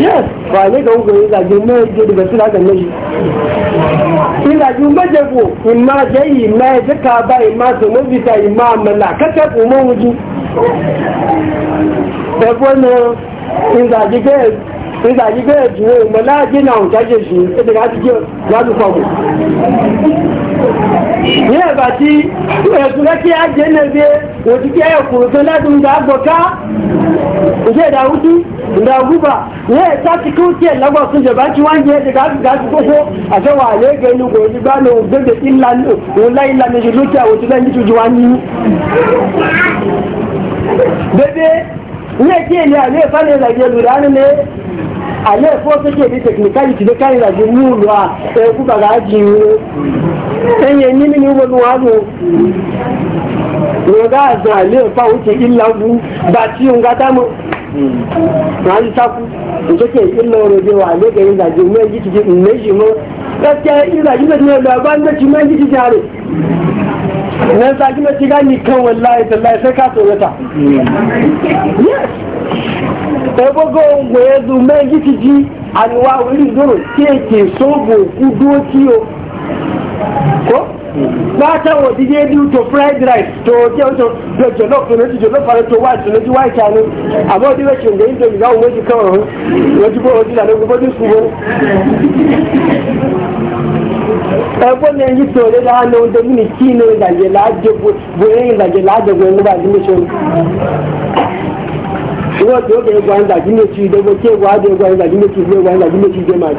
yes ba ne ga ugo yi zage na je daga suna ga nashi in zage un gaje ma je yi ma ya jaka ba in ma su mubita in ma amala ka ta kuma wuju da gwana in zage ga in zage ga ya juwe in mala na wuta je shi ita ga ta je za su famu òtítí ya kùrù tó lẹ́dùn nda gbọ̀ká òṣè ìdá wútú nda guba. ní ẹ̀ta ti kí ó tiẹ̀ lọ́gbọ̀ tó jọba tí wọ́n ń jẹ́ ẹ̀dẹ̀ká ti dájú kókó àfẹ́wà àlẹ́gẹ̀ inú kò ní gbá lóhùn gbégbé ìlà òun láì lànà ìṣèlú tí àwọn òtún lẹ́yìn tuntun wá ní. bébé ní ẹtí èlé àlẹ́ ìfáàlẹ́ ìlàjẹ lùdánù lé àlẹ́ ìfọ́sọ́ tí èdè tẹkinikálì ti lé káyìn ìlàjẹ ní ìlú à ẹ̀kú bàgà á roga azali fa wuce illa bu ba gata mu na yi in kake illa wa ne mai in mai gaskiya in da ne da ban mai nan ci gani kan wallahi tallahi sai ka ta yes sai gogo mai wuri kudo ko pátá wò dídé dú tó fried rice tó jẹ́ tó jọ jọlọ fúnlójú jọlọ fara tó wà tó lójú wáyé tánú àbọ̀ ọdún wẹ́ẹ̀kì ǹdẹ́ ìjọ ìgbà òun méjì kan ọ̀hún lójú bó ojú làdó gbogbo dé sùn wọn. ẹgbẹ́ mi yí tó lé láwọn ohun tó ní kí ní ìlàjẹ̀ láàjẹ̀ bóyá ìlàjẹ̀ láàjẹ̀ bóyá nígbà tí mo ṣe wọ́n tí ó bẹ̀rẹ̀ gba ẹ̀ńdà jí méjì ìdẹ́gbẹ́ tí ó wà á dé gba ẹ̀ńdà jí méjì ìdẹ́gbẹ́ ẹ̀ńdà jí méjì ìdẹ́gbẹ́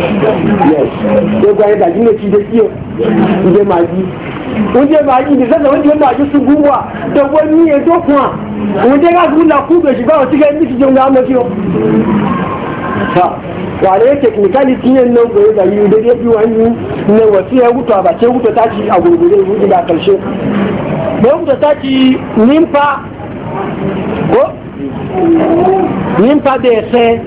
yẹ̀gbọ́n ẹ̀dà yìí lè fi dé sí o ìdè màjí oúnjẹ màjí ìdè sẹ́sẹ̀ oúnjẹ màjí ṣubú wà tẹ̀wọ́ ní ètò fún wa òun jẹ́ káàkiri ńlá kú bèṣù báwọn tí kẹ́ẹ́ ní ti jẹun láàmú sí o. wàlẹ́ yẹ tẹkinikali tiẹ̀ náà gbèrè ẹ̀dà yìí lè fi wọ́n yìí ní wọ́n sí ẹ̀wùtò àbàtì ẹ̀wùtò táàkì àgbòrògbòrò nípa nípa bẹ̀ẹ̀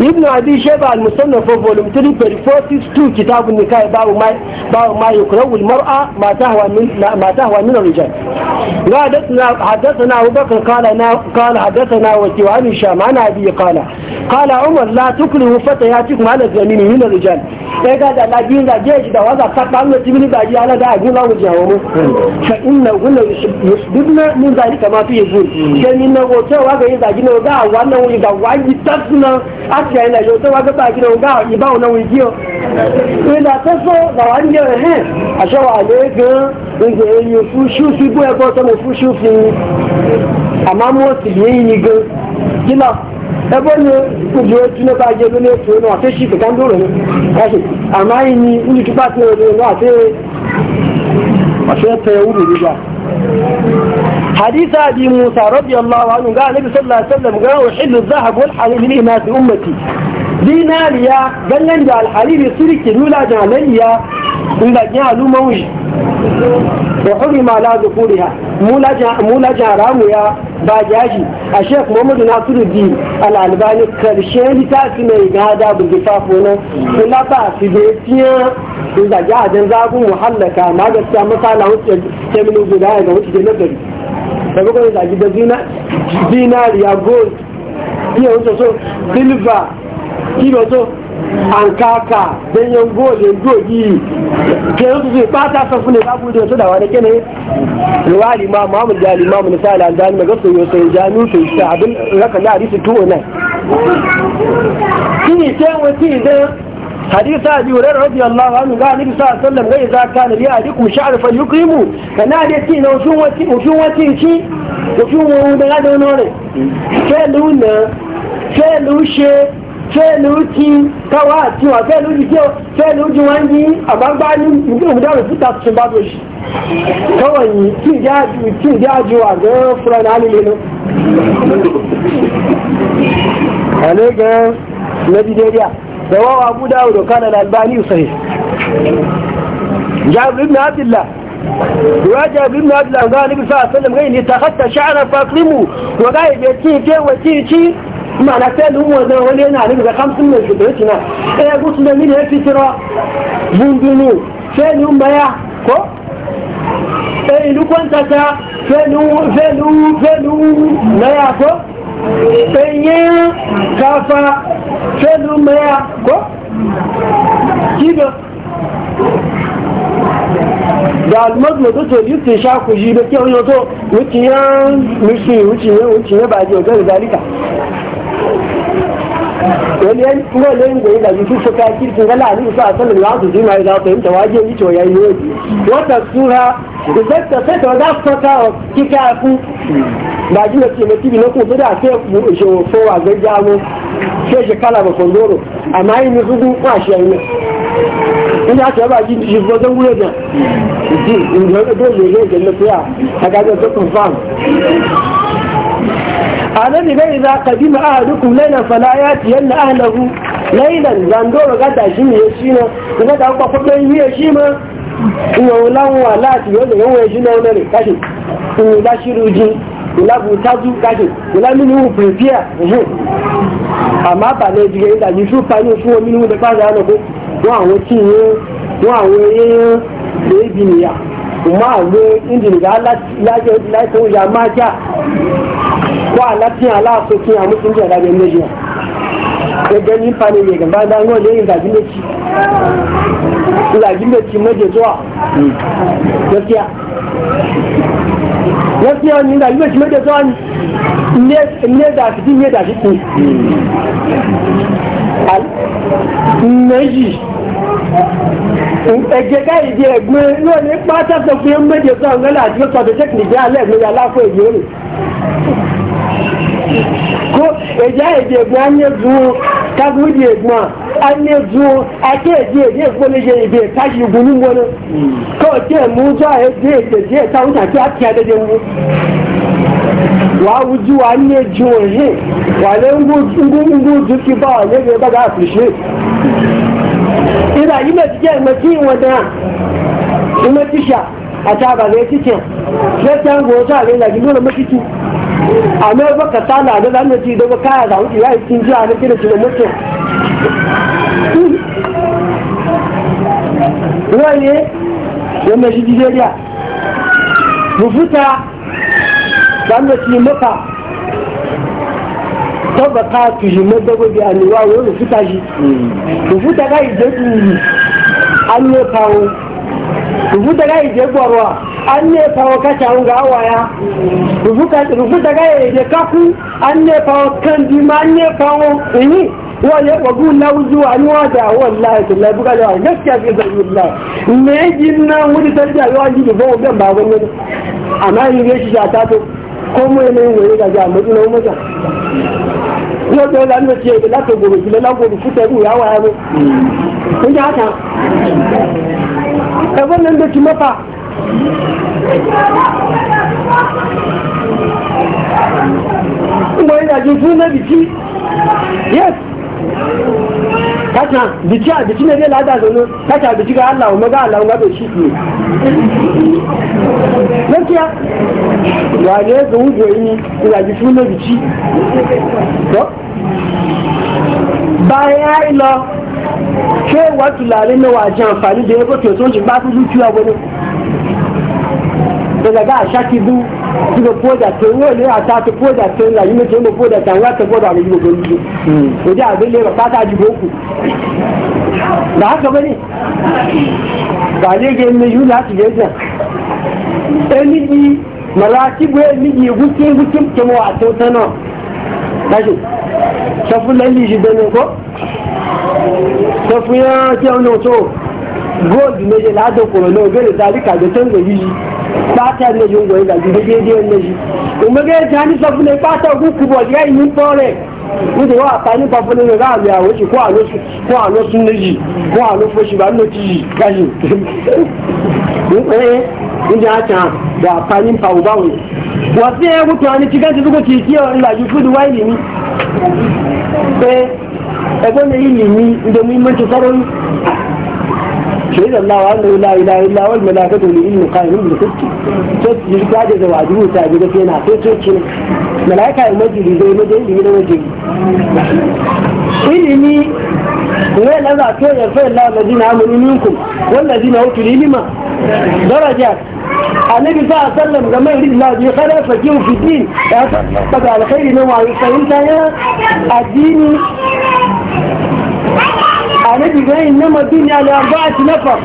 ابن أبي شيبة المصنف فولوم 3 بيج 462 كتاب النكاح باب ما باب ما يكره المرأة ما تهوى من ما تهوى من الرجال حدثنا حدثنا أبو بكر قال قال هدفنا وسوى هشام عن أبي قال قال عمر لا تكره فتياتكم على الزمين من الرجال إيه قال لا دين لا جيج ده وهذا قد من تبني باجي على ده أقول له وجههم فإنه قلنا يسببنا من ذلك ما فيه زول كان إنه وتوى هذا إذا جينا وقع وأنه إذا وعي تفنى àti àìlẹ̀ yóò ga iba gbé pàgì náà gbá ìbá òun náà ìdí ọ. ìlà tó sọ làwà ń yẹ ẹ̀hẹ́n àṣọwà àlẹ́ gan-an gbèsè èyí fún ṣúfì bú ẹ̀kọ́ tó mo fún ṣúfì àmọ́ mo sì yé yín gan kílà ẹgbẹ́ ni ojú ojú nípa ajé ló ní ètò náà àti ṣìkì kan dúró ní ẹ̀sìn àmọ́ ẹ̀yìn ní olùtúpá ti rẹ̀ lónìí àti ọ̀ṣẹ́ tẹ ewúrò nígbà. حديث أبي موسى رضي الله عنه قال النبي صلى الله عليه وسلم قال أحل الذهب والحليب في أمتي dinariya ganyen da alhariri suri ke nula da halayya in da gina lumawi da huri ma la zukuriya mula jaramu ya ba jaji a shek muhammadu nasiru di al'albani karshe su mai gada bu gifafo nan kula ba su da fiye in da jihadin zagun muhallaka ma gaskiya masala wuce kemini guda ya ga wuce da nazari da bukwai zagi da zinariya gold iya wuce so silver kílò da àǹkàkà lẹ́yìn góòlù gbò yìí kẹrin tuntun ìpáta sọ fún ìbá al tó dàwọn ẹnikẹ́ni ìwà àlìmá mọ́mù jẹ́ àlìmá mọ́mù sáà àlìmá mọ́mù gọ́sọ̀ yóò Kini ìjà ní oṣù ìṣẹ́ àbín rẹ́kàn náà àdísì tó náà kí ni ṣe wọn tí ìdẹ́ حديث أبي هريرة رضي الله عنه قال النبي صلى الله عليه وسلم إذا كان لي أحدكم شعر فليكرمه كان يأتي وشوتي وشوتي شيء وشوتي هذا ونوري كانوا كانوا شيء fẹ́ẹ̀lú ti káwà àti wà fẹ́ẹ̀lú ti àgbágbá ní ìdáhùn síta tuntun bá bọ̀ ṣì kọ́wọ̀ yìí tí ìdí àjò àgbẹ̀rẹ̀ fúnra náà nílé lọ. nàìjíríà tẹ̀wọ́ wa bú dáhùn lọ kánà ní ìsọ̀rẹ̀. jáàbù ibn abdullah راجع ابن عبد الله قال النبي صلى الله عليه وسلم غير تخطى شعره فاقلمه وقال يجي تي تي وتي تي mana na sai dun wanda wani yana nufi ga kamsin mai shi da yake na ɗaya gusu da mini ya fitira bundunu sai ni baya ko ɗaya ilu kwanta ta felu felu felu na ya ko ɗanye kafa felu maya ko da almazma wani yan kuma ne da yana yi su ka kirkin ga lani su a sanin za su jima za su yi waje yi to yayi yoji wata sura da zai sai ta za su ka kika ku ba ji na kima tibi na kuma da sai mu je so wa ga jamu sai je kala ba kondoro amma yi ni zugu kwashi yayi ina ta ba ji shi ba zan gure da ji in ga dole ne ga lafiya kaga da ta confirm annabi bai idza qadima ahadukum laylan fala yati yanna ahlahu laylan zando ga da shi ne shi ne kuma da ku ko yi ne shi ma in wannan wala ti yo da yawa shi ne wannan kashi in da shiruji ila bu taju kashi ila minu prepare uhu amma ba ne jige da ni su pani su minu da pa da ko won awon ti won awon ni ya kuma awon injin ga la la ko ya ma ja ko alatin ala so ki a mutun da rabin meji da ganin fane ne gaba da ngo ne da ginde ci da ci meje zuwa gaskiya gaskiya ni da ginde ci meje zuwa ne ne da shi ne da shi al meji ẹ̀jẹ̀ká ìdí ẹ̀gbẹ́ náà ní pátá sọ fún méje sọ̀rọ̀ láti ọ̀tọ̀ tó tẹ́kìnì jẹ́ alẹ́ ìgbéyàwó aláfọ̀ èyí ó ko ẹja èdè ẹ̀gbọ́n á ní ẹ̀dùn tábìlì ẹ̀gbọ́n á ní ẹ̀dùn àti èdè èdè ẹ̀gbọ́n lè yẹ èdè káyì ìgbò ní wọn kọ́ ọ̀tẹ́ mú jọ èdè èdè díẹ̀ táwọn àti àti àdédé wu wàá wùjú wa ní ẹ̀jú òhìn wà lé ngúngú ju bá wà lẹ́gbẹ̀ẹ́ bá dá àpèṣe ìlà yìí mẹ́tí jẹ́ ìmọ̀tí ìwọ̀n dáa ìmọ̀tíṣà àti àbàlẹ̀ títì àmọ́ ẹgbẹ́ kẹta náà ló lánàá ti ìdọ́gbọ́ káyà àwọn ìyá ìsinjú da kí ni ti lè mọ́tò wọ́n yé wọ́n mẹ́sí jíjẹ rí an ne fawo kacha ga awaya rufuta ga yaje kafu an ne fawo kan jima an ne fawo ini wale wagu na wuzu an wada wallahi buga da gaskiya bi zai billahi me jinna wuri tarja yawa ji bawo ba amma yi ne shi ta to ko mu ne ne ga ga mu na mu ga ko da lan da ce da ta gobe da lan gobe ya mu kun kuma yana jin suna biki yes kata biki ne zai lada zaune kata biki ga Allah kuma ga Allah kuma ya ne ga wujoyi ne yana jin suna biki bayan ya yi lọ ṣé ìwà tùlàrí náà wà jẹ àǹfààní jẹ ẹgbẹ́ tó ń ṣe gbá tó lójú daga ga shaki du ki da koda wo ne ata to koda to la yime to mo koda ta wa to koda ne yimo golu o a be le k'a ta ji boku da haka bane ga ne ge ne yula ti ge ja eni ni malaki bu eni ni guke guke ke mo ato tano dashi safu lalli ji dane ko safu ya ti ono to gold meje lado koro no gele dalika de tongo yi pata ne yo ngo ga di de de ne yi o mege jani so fune pata ku ku bo ya yin pore ni de wa pa ni pa fune ne ga mi awo shi ko alo shi ko alo sun ne yi ko alo fo shi ba no ti ga yi ni eh ni ja ta da pa ni pa u ba wo wa se e ku ta ni ti ga ti ko ti ti o la ju fu du wa ni mi pe ẹgbẹ́ ne yi, ni mi ndomi mọ́tò sọ́rọ́ yìí شهد الله وأنه لا إله إلا هو الملائكة والإلم قائمين بالقسط تسجد جلسة وعدوه ساجدة في نعطيه تسجد ملائكة المجد زي مجد من المجد إلمي وين أنا أتوى يرفع الله الذين آمنوا منكم والذين أوتوا العلم درجات النبي صلى الله عليه وسلم لما يريد الله به خيرا فجيه في الدين طبعا على خير نوع فهمت يا الدين anabi ga yin nama duniya da ba a tinafa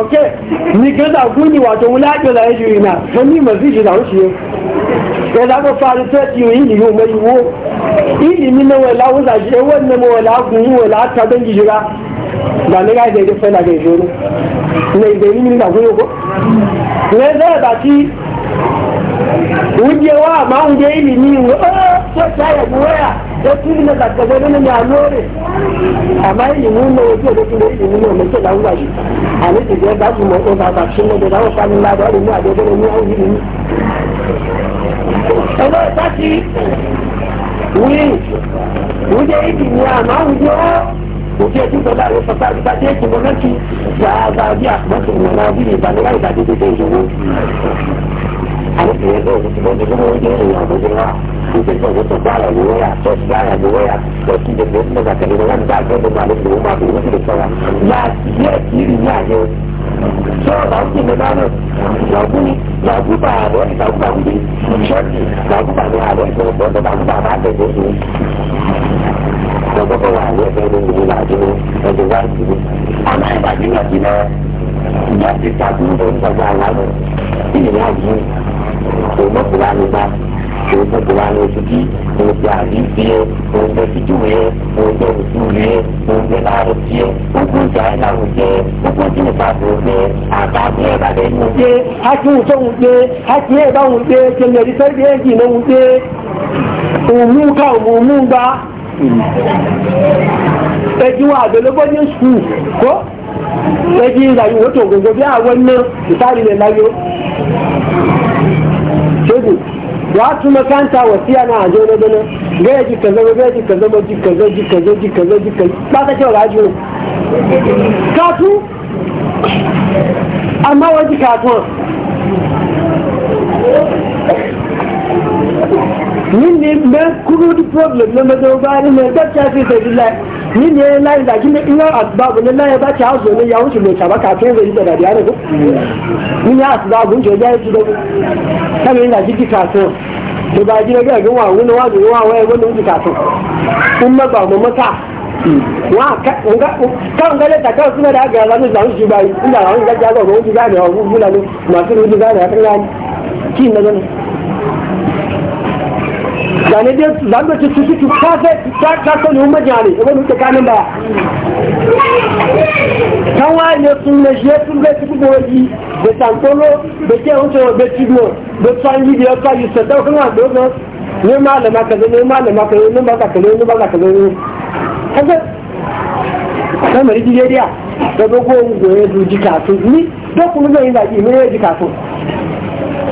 ok ni gaza guni wato wulaƙi da ya juyi na wani mazi shi da wuce ya zaɓa faru ta yi ilimi mai yiwu ilimi na wala wuza shi yan wannan ma wala guni wala ta don jijira ba ni ga daidai fana ga ijoro na izai ilimi na guni ko ne zai ba ci wujewa amma wuje ilimi ne wata ya goya da tuni na zakaga ganin ya lore amma ilimi ne wajen da tuni ilimi ne mai kila shi a nufin da ya ba su motsa ba ba shi ne da zawo samun labarin ne a dogon ne an ilimi ẹgbẹ́ ìtàkì wíì wújẹ́ ìdì ni àmà wújẹ́ ó òfin ẹ̀jú sọ́dá rẹ̀ sọ́dá rẹ̀ sọ́dá ètò mọ́lẹ́kì gbàgbà bí àpọ̀tò ìrìnà bí ìbànúwá ìdàdédé ìṣòro 也有什么这个我也是要不知道，你这个我做大了如何呀？做大了如何呀？做几个人那个肯定我们大哥都把那牛马牛给做了，那也几里那就。说老几没干呢，老不老不把我老不把我说老不把我我我我我老不把他给我输，我不把我我给你老几，我就忘记，俺们把你老几呢？ìgbà tí tábìlì ń bọ̀ ń gbàgbà aláwọ̀ tí ìyá yìí kò mọ̀kúra ló bá kò mọ̀kúra ló ti di kò gbà àlìsí ẹ kò gbẹ fíjú ẹ kò gbẹ òṣùlù ẹ kò gbẹ láàrọ̀ sí ẹ gbogbo ìjà ẹ láwùjọ jẹ gbogbo tí nípa tó gbẹ àbábọ̀ ẹ bàbá ẹnu. ṣé a ti ń sọ wùdé a ti yẹ ìbáwùn gbé kẹlẹ ẹni sẹ́ẹ̀dì ẹ̀jì náà wùdé òmù ká òmù gbá ẹ̀jú àgbẹ̀lógbó ní sùkúù kó. sai ji zayi wato gogo biya wannan misali ne layo shegu ya tu makanta wasiya na a na dana ga ji kaza ga ji kaza ba ji kaza ji kaza ji kaza ji kaza ba ta cewa rajo katu amma waji katu min ne me kuru di problem na mazo ba ni me fi sai ni ne layi da gina ina asbabu ne layi ba ta hazo ne ya wuce mai taba kafin zai da dariya ne ko ni ya asbabu je ya ji da kan ina jiki kafin to ba gina ga ga wa wani wa wa wa wani wuce kafin kuma ba mu mata wa kan gale ta kawai suna da aka yi zanen shi bayi inda a wani gajiya ga wani wuce gane wa wuce gane masu wuce gane a kan gane kin na zane dai zane ci ciki ci kafe ta kafe ne umar jani ya wani mutu kanin baya kan waye ne sun ne shi sun bai cikin gowaji da tantolo da ke wuce da cibiyo da tsangi da ya sa yi sadau kan wa dogon ne malama ka ne malama ka ne ba ka ne ba ka ne kaga kamar jidiyar da dogon gowaji kafin ni dokun zai yi zaki mai yaji kafin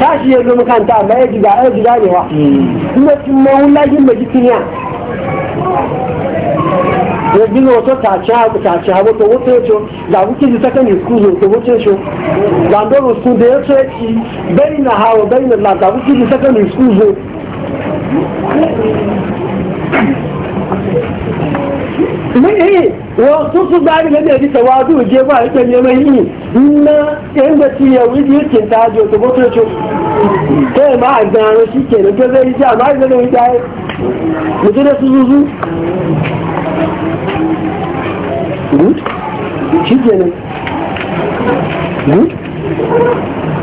tashi ya zo makaranta amma ya jiga ya jiga ne wa kuma sun mai wulajin mai jikin ya ya ji na wata tace hagu tace hagu to wata yato da kuke ji secondary school ne to wata yato da ndoro school da yato ya ci bai na hawa bai na la da kuke ji secondary school ne mai wasu su zari na da bisa wadu je ba ita ne yi na yan da ci yau yi yake ta jo to goto cho kai ma a gano shi ke nan yi ja ma zai yi dai mutum da su zuzu shi ke nan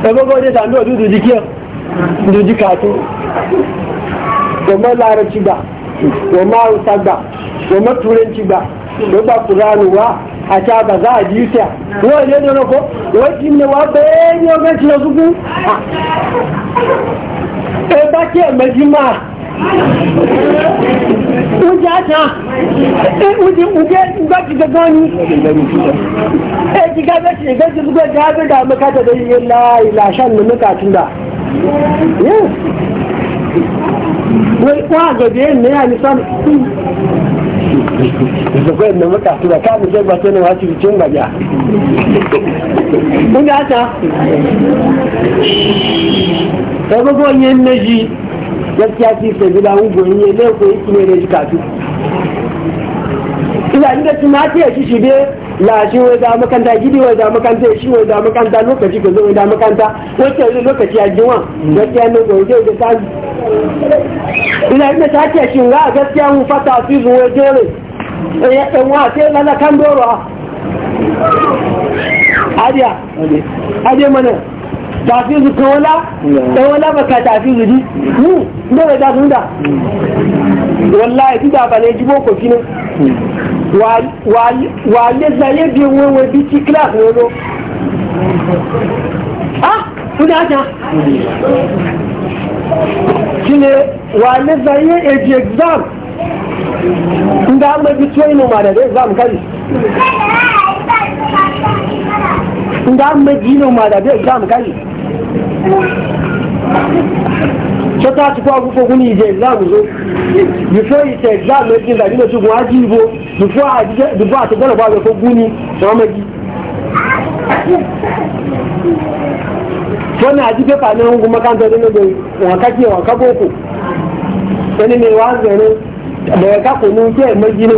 ẹgbogbo dai ta ndo dudu jikiyar dudu jikatu Wa ma lára ci gbà wọ́n mọ́ àrùsá domin turanci ba don ba kuranu wa a ta ba za a biyu ta wani ne da rako wani ne wa bayan yau ganci na zuku e ah. ba ke majima Oúnjẹ àtà, oúnjẹ oúnjẹ gbájú gẹ́gán ní. Ẹ ti gábẹ́ ti gẹ́gẹ́ ti gbogbo ẹja ábẹ́dà mẹ́kàtà lórí iye láìlà àṣánà mẹ́kàtúndà. Wọ́n àgbẹ̀dẹ̀ ẹ̀ ní àìsàn ìsìnkú ẹ̀nà mọ́ta tó bá káàmù sẹ́gbà tó ní wàá ti fi tó ń gbàjà. ó ní àtà ila inda su ma shi shi be la shi wai da makanta gidi wai da makanta shi wai da makanta lokaci ko zo da makanta wace ne lokaci ya jiwa gaskiya ne ko je da san ila inda ta ce shi ga gaskiya mu fata su zo wai dole eh dan wa sai lalla kan doro adiya adiya mana tafizu kan wala ɗan wala tafizu ji mu ne bai tafi da wallahi ti da balai ji boko fi ne wa le zaye bi wọn wani bi class wọn lo ah tuni can shi ne wa le zaye eji exam inda an bai bi ma da exam kari nga medino ma da be jam kai so ta ti ko agugo guni je exam zo before you say exam me kin da ni to gwa jibo before i get before to gora ba ko guni so ma gi so na ji paper na ngu makanta ni da wakati wakaboko ene ne wazere da ka kunu ke ne.